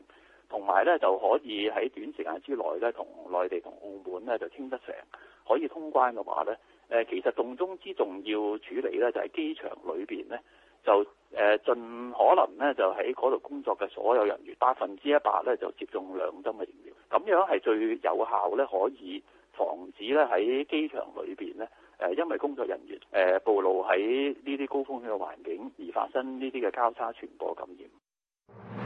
同埋咧，就可以喺短時間之內咧，同內地同澳門咧就傾得成，可以通關嘅話咧，誒、呃，其實重中之重要處理咧，就係、是、機場裏邊咧，就誒、呃、盡可能咧，就喺嗰度工作嘅所有人員，百分之一百咧就接種兩針嘅疫苗，咁樣係最有效咧，可以防止咧喺機場裏邊咧，誒、呃，因為工作人員誒、呃、暴露喺呢啲高風險嘅環境而發生呢啲嘅交叉傳播感染。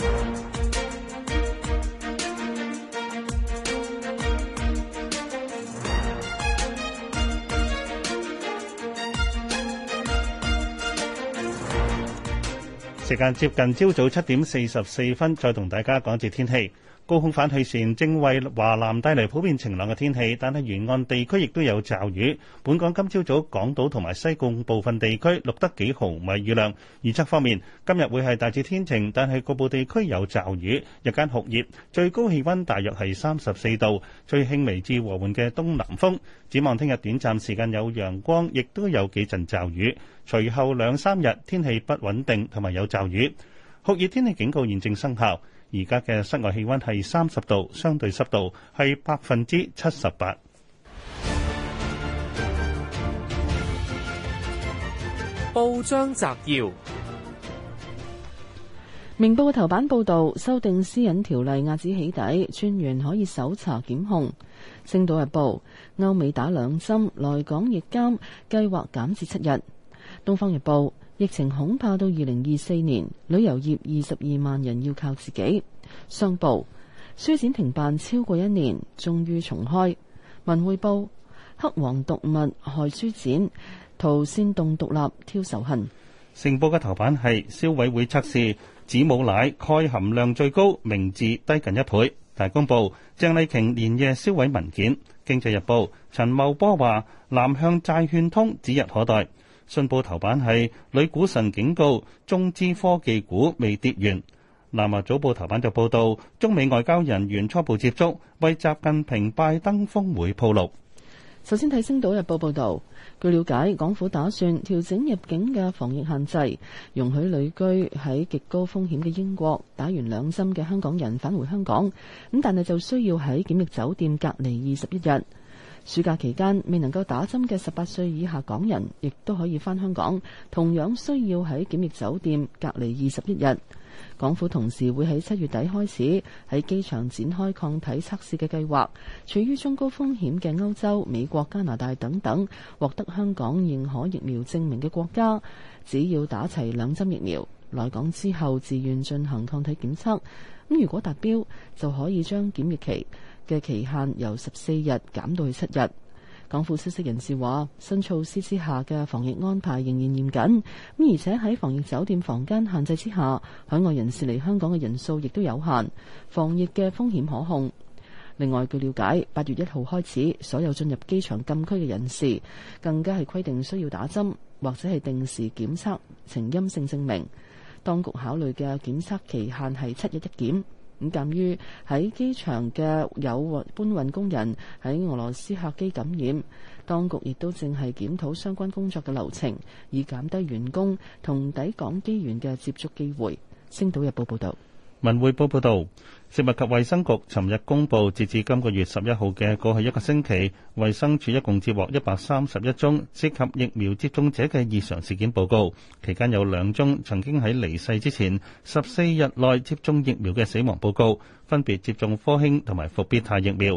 時間接近朝早七點四十四分，再同大家講一節天氣。高空反氣旋正為華南帶嚟普遍晴朗嘅天氣，但係沿岸地區亦都有驟雨。本港今朝早，早港島同埋西貢部分地區錄得幾毫米雨量。預測方面，今日會係大致天晴，但係局部地區有驟雨。日間酷熱，最高氣温大約係三十四度，最輕微至和緩嘅東南風。展望聽日短暫時間有陽光，亦都有幾陣驟雨。隨後兩三日，天氣不穩定同埋有驟雨。酷熱天氣警告現正生效。而家嘅室外氣溫係三十度，相對濕度係百分之七十八。報章摘要：明報嘅頭版報道，修訂私隱條例壓止起底，專員可以搜查檢控。星島日報：歐美打兩針，來港疫監，計劃減至七日。東方日報。疫情恐怕到二零二四年，旅遊業二十二萬人要靠自己。商報書展停辦超過一年，終於重開。文匯報黑黃毒物害書展，圖煽動獨立挑仇恨。成報嘅頭版係消委會測試，子母奶鈣含量最高，明治低近一倍。大公報鄭麗瓊連夜銷毀文件。經濟日報陳茂波話南向債券通指日可待。信報頭版係女股神警告中資科技股未跌完。南華早報頭版就報道中美外交人員初步接觸，為習近平拜登峰會鋪路。首先睇《星島日報》報導，據了解，港府打算調整入境嘅防疫限制，容許旅居喺極高風險嘅英國打完兩針嘅香港人返回香港，咁但係就需要喺檢疫酒店隔離二十一日。暑假期間未能夠打針嘅十八歲以下港人，亦都可以返香港，同樣需要喺檢疫酒店隔離二十一日。港府同時會喺七月底開始喺機場展開抗體測試嘅計劃。處於中高風險嘅歐洲、美國、加拿大等等獲得香港認可疫苗證明嘅國家，只要打齊兩針疫苗，來港之後自願進行抗體檢測，噉如果達標就可以將檢疫期嘅期限由十四日減到去七日。港府消息人士話，新措施之下嘅防疫安排仍然嚴謹，咁而且喺防疫酒店房間限制之下，海外人士嚟香港嘅人數亦都有限，防疫嘅風險可控。另外，據了解，八月一號開始，所有進入機場禁區嘅人士，更加係規定需要打針或者係定時檢測呈陰性證明。當局考慮嘅檢測期限係七日一檢。咁，鑒於喺機場嘅有搬運工人喺俄羅斯客機感染，當局亦都正係檢討相關工作嘅流程，以減低員工同抵港機員嘅接觸機會。星島日報報道，文匯報報道。食物及衛生局尋日公布，截至今個月十一號嘅過去一個星期，衛生署一共接獲一百三十一宗涉及疫苗接種者嘅異常事件報告。期間有兩宗曾經喺離世之前十四日內接種疫苗嘅死亡報告，分別接種科興同埋復必泰疫苗，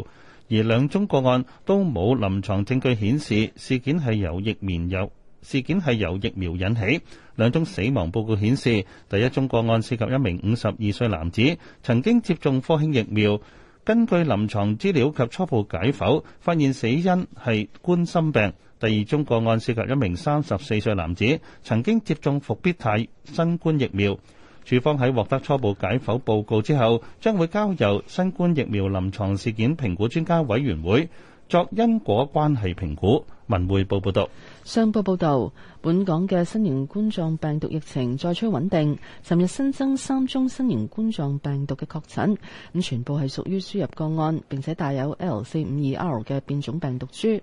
而兩宗個案都冇臨床證據顯示事件係由疫苗有。事件係由疫苗引起。兩宗死亡報告顯示，第一宗個案涉及一名五十二歲男子，曾經接種科興疫苗。根據臨床資料及初步解剖，發現死因係冠心病。第二宗個案涉及一名三十四歲男子，曾經接種復必泰新冠疫苗。處方喺獲得初步解剖報告之後，將會交由新冠疫苗臨床事件評估專家委員會作因果關係評估。文匯報報道。商報報導，本港嘅新型冠狀病毒疫情再趨穩定。尋日新增三宗新型冠狀病毒嘅確診，咁全部係屬於輸入個案，並且帶有 L 四五二 R 嘅變種病毒株。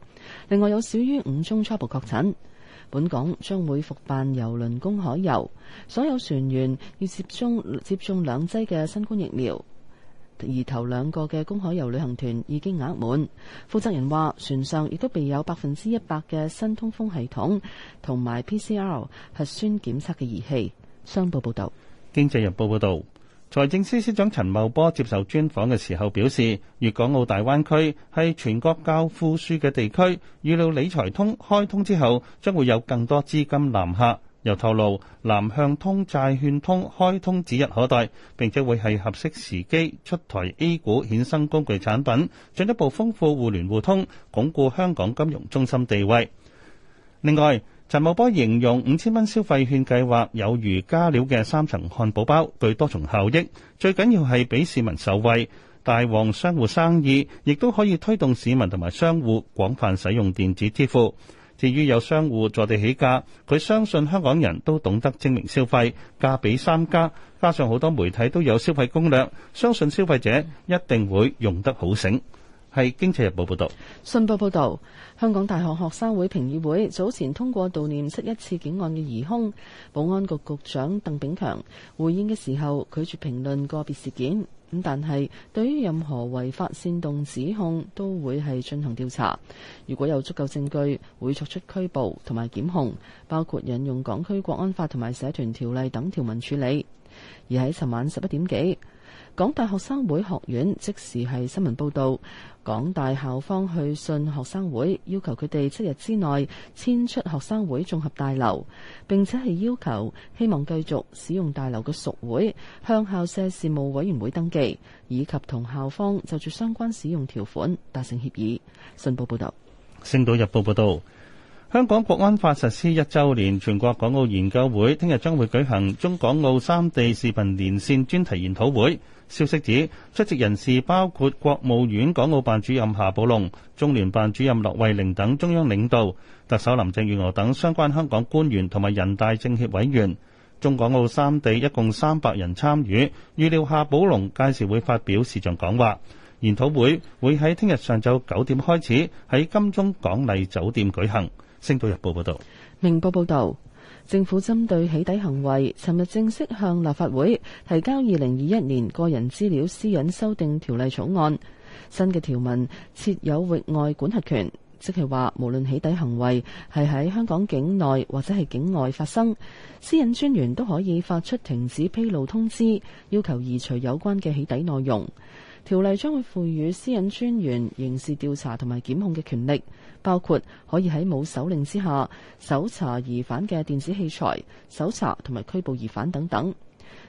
另外有少於五宗初步確診。本港將會復辦郵輪公海遊，所有船員要接種接種兩劑嘅新冠疫苗。而頭兩個嘅公海遊旅行團已經額滿，負責人話船上亦都備有百分之一百嘅新通風系統同埋 PCR 核酸檢測嘅儀器。商報報導，經濟日報報道，財政司司長陳茂波接受專訪嘅時候表示，粵港澳大灣區係全國較富庶嘅地區，預料理財通開通之後將會有更多資金南下。又透露南向通債券通開通指日可待，並且會係合適時機出台 A 股衍生工具產品，進一步豐富互聯互通，鞏固香港金融中心地位。另外，陳茂波形容五千蚊消費券計劃有如加料嘅三層漢堡包，具多重效益，最緊要係俾市民受惠，大旺商戶生意，亦都可以推動市民同埋商戶廣泛使用電子支付。至於有商戶坐地起價，佢相信香港人都懂得精明消費，價比三家，加上好多媒體都有消費攻略，相信消費者一定會用得好醒。係《經濟日報》報導，信報報導，香港大學學生會評議會早前通過悼念七一刺警案嘅疑兇。保安局局長鄧炳強回應嘅時候拒絕評論個別事件，咁但係對於任何違法煽動指控都會係進行調查。如果有足夠證據，會作出拘捕同埋檢控，包括引用港區國安法同埋社團條例等條文處理。而喺尋晚十一點幾，港大學生會學院即時係新聞報導。港大校方去信學生會要求佢哋七日之內遷出學生會綜合大樓，並且係要求希望繼續使用大樓嘅屬會向校舍事務委員會登記，以及同校方就住相關使用條款達成協議。信報報道，星島日報報道，香港國安法實施一周年，全國港澳研究會聽日將會舉行中港澳三地視頻連線專題研討會。消息指出席人士包括國務院港澳辦主任夏寶龍、中聯辦主任駱惠寧等中央領導、特首林鄭月娥等相關香港官員同埋人大政協委員，中港澳三地一共三百人參與。預料夏寶龍屆時會發表視像講話。研討會會喺聽日上晝九點開始，喺金鐘港麗酒店舉行。星島日報報道，明報報道。政府針對起底行為，尋日正式向立法會提交《2021年個人資料私隱修訂條例草案》。新嘅條文設有域外管轄權，即係話無論起底行為係喺香港境內或者係境外發生，私隱專員都可以發出停止披露通知，要求移除有關嘅起底內容。條例將會賦予私隱專員刑事調查同埋檢控嘅權力，包括可以喺冇手令之下搜查疑犯嘅電子器材、搜查同埋拘捕疑犯等等。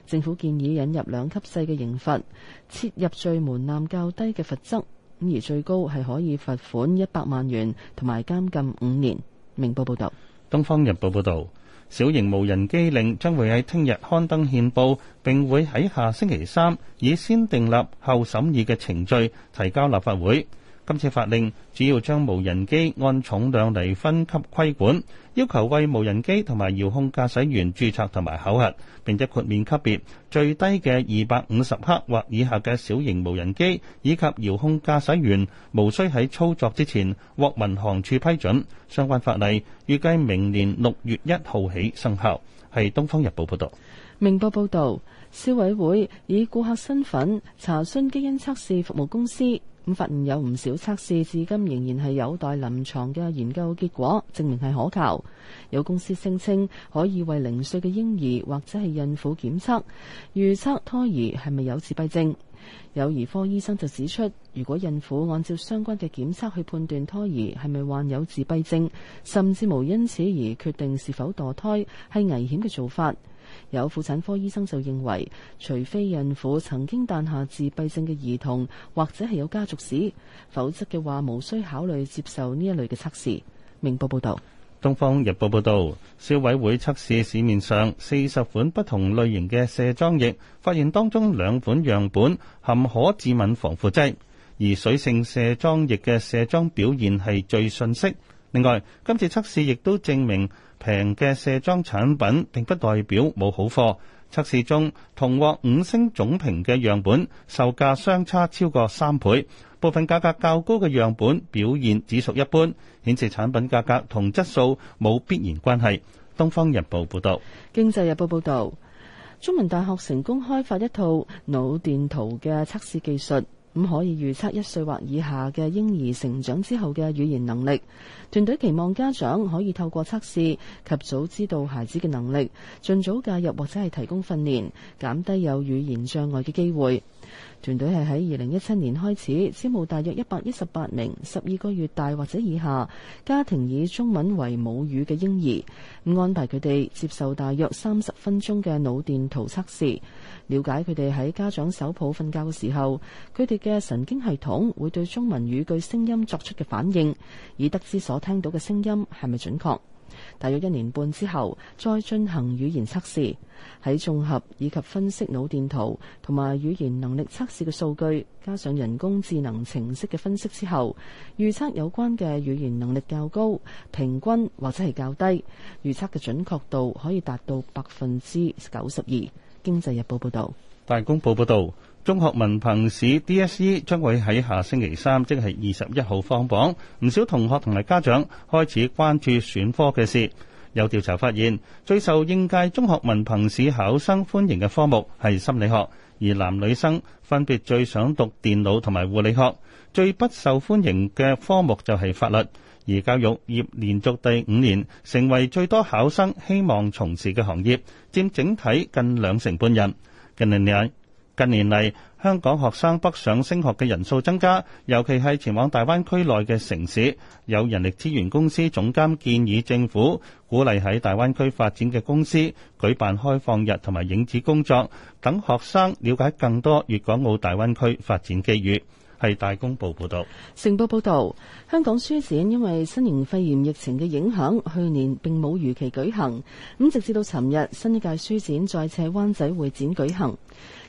政府建議引入兩級制嘅刑罰，設入罪門檻較低嘅罰則，咁而最高係可以罰款一百萬元同埋監禁五年。明報報道。東方日報報導。小型無人機令將會喺聽日刊登憲報，並會喺下星期三以先訂立後審議嘅程序提交立法會。今次法令主要將無人機按重量嚟分級規管，要求為無人機同埋遙控駕駛員註冊同埋考核，並且豁免級別最低嘅二百五十克或以下嘅小型無人機，以及遙控駕駛員無需喺操作之前獲民航處批准。相關法例預計明年六月一號起生效。係《東方日報》報道，《明報》報道，消委會以顧客身份查詢基因測試服務公司。咁發現有唔少測試，至今仍然係有待臨床嘅研究結果證明係可靠。有公司聲稱可以為零歲嘅嬰兒或者係孕婦檢測預測胎兒係咪有自閉症。有兒科醫生就指出，如果孕婦按照相關嘅檢測去判斷胎兒係咪患有自閉症，甚至無因此而決定是否墮胎，係危險嘅做法。有婦產科醫生就認為，除非孕婦曾經誕下自閉症嘅兒童，或者係有家族史，否則嘅話無需考慮接受呢一類嘅測試。明報報道。東方日報報導，消委會測試市面上四十款不同類型嘅卸妝液，發現當中兩款樣本含可致敏防腐劑，而水性卸妝液嘅卸妝表現係最遜色。另外，今次測試亦都證明，平嘅卸妝產品並不代表冇好貨。測試中，同獲五星總評嘅樣本，售價相差超過三倍。部分價格較高嘅樣本表現只屬一般，顯示產品價格同質素冇必然關係。東方日報報道。經濟日報報道，中文大學成功開發一套腦電圖嘅測試技術。咁可以預測一歲或以下嘅嬰兒成長之後嘅語言能力。團隊期望家長可以透過測試及早知道孩子嘅能力，盡早介入或者係提供訓練，減低有語言障礙嘅機會。團隊係喺二零一七年開始招募大約一百一十八名十二個月大或者以下家庭以中文為母語嘅嬰兒，安排佢哋接受大約三十分鐘嘅腦電圖測試，了解佢哋喺家長手抱瞓覺嘅時候，佢哋嘅神經系統會對中文語句聲音作出嘅反應，以得知所聽到嘅聲音係咪準確。大約一年半之後，再進行語言測試，喺綜合以及分析腦電圖同埋語言能力測試嘅數據，加上人工智能程式嘅分析之後，預測有關嘅語言能力較高、平均或者係較低，預測嘅準確度可以達到百分之九十二。經濟日報報道，大公報報道。中學文憑試 DSE 將會喺下星期三，即係二十一號放榜。唔少同學同埋家長開始關注選科嘅事。有調查發現，最受應屆中學文憑試考生歡迎嘅科目係心理學，而男女生分別最想讀電腦同埋護理學。最不受歡迎嘅科目就係法律，而教育業連續第五年成為最多考生希望從事嘅行業，佔整體近兩成半人。近年呢？近年嚟，香港學生北上升學嘅人數增加，尤其係前往大灣區內嘅城市。有人力資源公司總監建議政府鼓勵喺大灣區發展嘅公司舉辦開放日同埋影子工作，等學生了解更多粵港澳大灣區發展機遇。係大公報報導。成報報導，香港書展因為新型肺炎疫情嘅影響，去年並冇如期舉行。咁直至到尋日，新一屆書展再次灣仔會展舉行。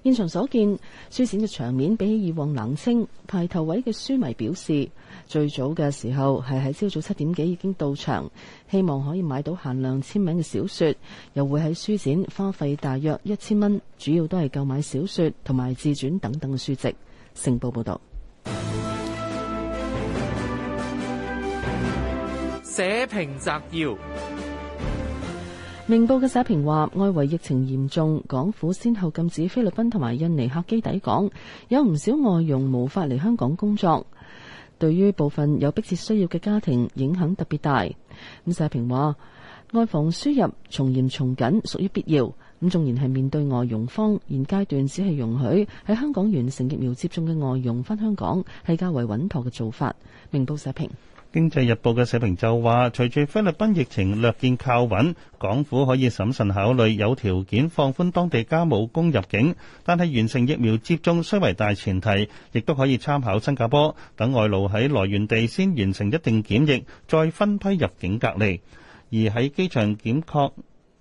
現場所見，書展嘅場面比起以往冷清。排頭位嘅書迷表示，最早嘅時候係喺朝早七點幾已經到場，希望可以買到限量簽名嘅小說，又會喺書展花費大約一千蚊，主要都係購買小說同埋自傳等等嘅書籍。成報報道，寫評摘要。明報嘅社評話，外圍疫情嚴重，港府先後禁止菲律賓同埋印尼客機抵港，有唔少外傭無法嚟香港工作。對於部分有迫切需要嘅家庭，影響特別大。咁社評話，外防輸入從嚴從緊屬於必要。咁縱然係面對外傭方，現階段只係容許喺香港完成疫苗接種嘅外傭返香港，係較為穩妥嘅做法。明報社評。經濟日報嘅社評就話：隨住菲律賓疫情略見靠穩，港府可以審慎考慮有條件放寬當地家務工入境，但係完成疫苗接種雖為大前提，亦都可以參考新加坡等外勞喺來源地先完成一定檢疫，再分批入境隔離。而喺機場檢確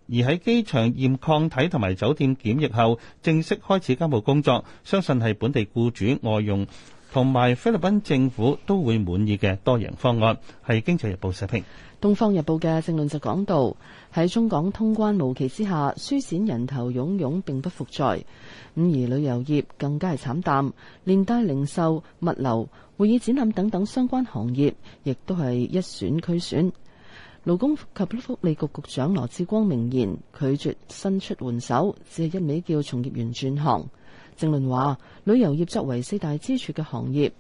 而喺機場驗抗體同埋酒店檢疫後，正式開始家務工作，相信係本地雇主外傭。同埋菲律賓政府都會滿意嘅多贏方案，係《經濟日報》社評。《東方日報》嘅政論就講到，喺中港通關無期之下，書展人頭湧湧並不復在，咁而旅遊業更加係慘淡，連帶零售、物流、會議展覽等等相關行業，亦都係一損俱損。勞工及福利局局局長羅志光明言，拒絕伸出援手，只係一味叫從業員轉行。正論話，旅遊業作為四大支柱嘅行業，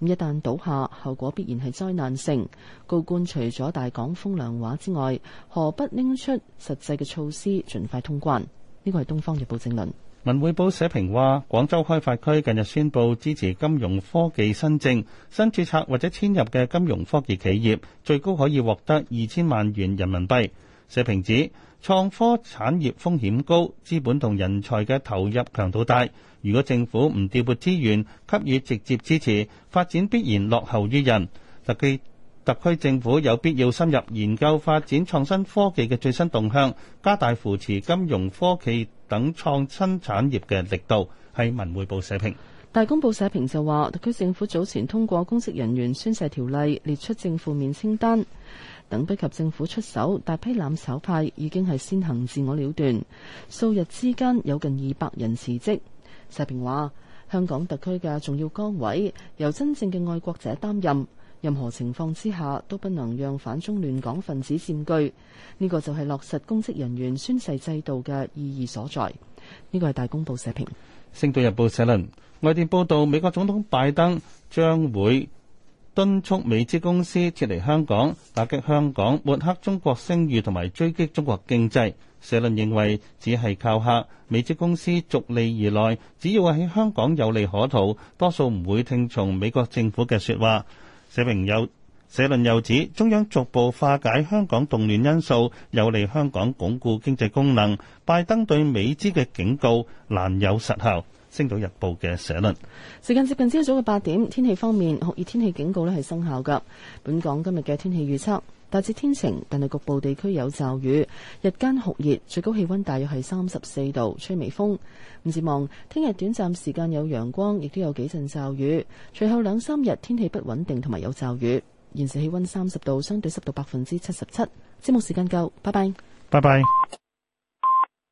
一旦倒下，後果必然係災難性。高官除咗大講風涼話之外，何不拎出實際嘅措施，盡快通關？呢個係《東方日報》正論。文匯報社評話，廣州開發區近日宣布支持金融科技新政，新註冊或者遷入嘅金融科技企業，最高可以獲得二千萬元人民幣。社評指，創科產業風險高，資本同人才嘅投入強度大。如果政府唔調撥資源給予直接支持，發展必然落後於人。特區特區政府有必要深入研究發展創新科技嘅最新動向，加大扶持金融科技等創新產業嘅力度。喺文匯報社評，大公報社評就話，特區政府早前通過公職人員宣誓條例，列出正負面清單，等不及政府出手，大批攬炒派已經係先行自我了斷。數日之間有近二百人辭職。社評話：香港特區嘅重要崗位由真正嘅愛國者擔任，任何情況之下都不能讓反中亂港分子占據。呢個就係落實公職人員宣誓制度嘅意義所在。呢個係大公報社評。星島日報社論：外電報道，美國總統拜登將會敦促美資公司撤離香港，打擊香港抹黑中國聲譽同埋追擊中國經濟。社論認為，只係靠客美資公司逐利而來，只要喺香港有利可圖，多數唔會聽從美國政府嘅說話。社評又社論又指，中央逐步化解香港動亂因素，有利香港鞏固經濟功能。拜登對美資嘅警告難有實效。《星島日報》嘅社論。時間接近朝早嘅八點，天氣方面，酷熱天氣警告咧係生效噶。本港今日嘅天氣預測。大致天晴，但係局部地區有驟雨。日間酷熱，最高氣溫大約係三十四度，吹微風。唔指望聽日短暫時間有陽光，亦都有幾陣驟雨。隨後兩三日天，天氣不穩定，同埋有驟雨。現時氣溫三十度，相對濕度百分之七十七。節目時間夠，拜拜。拜拜。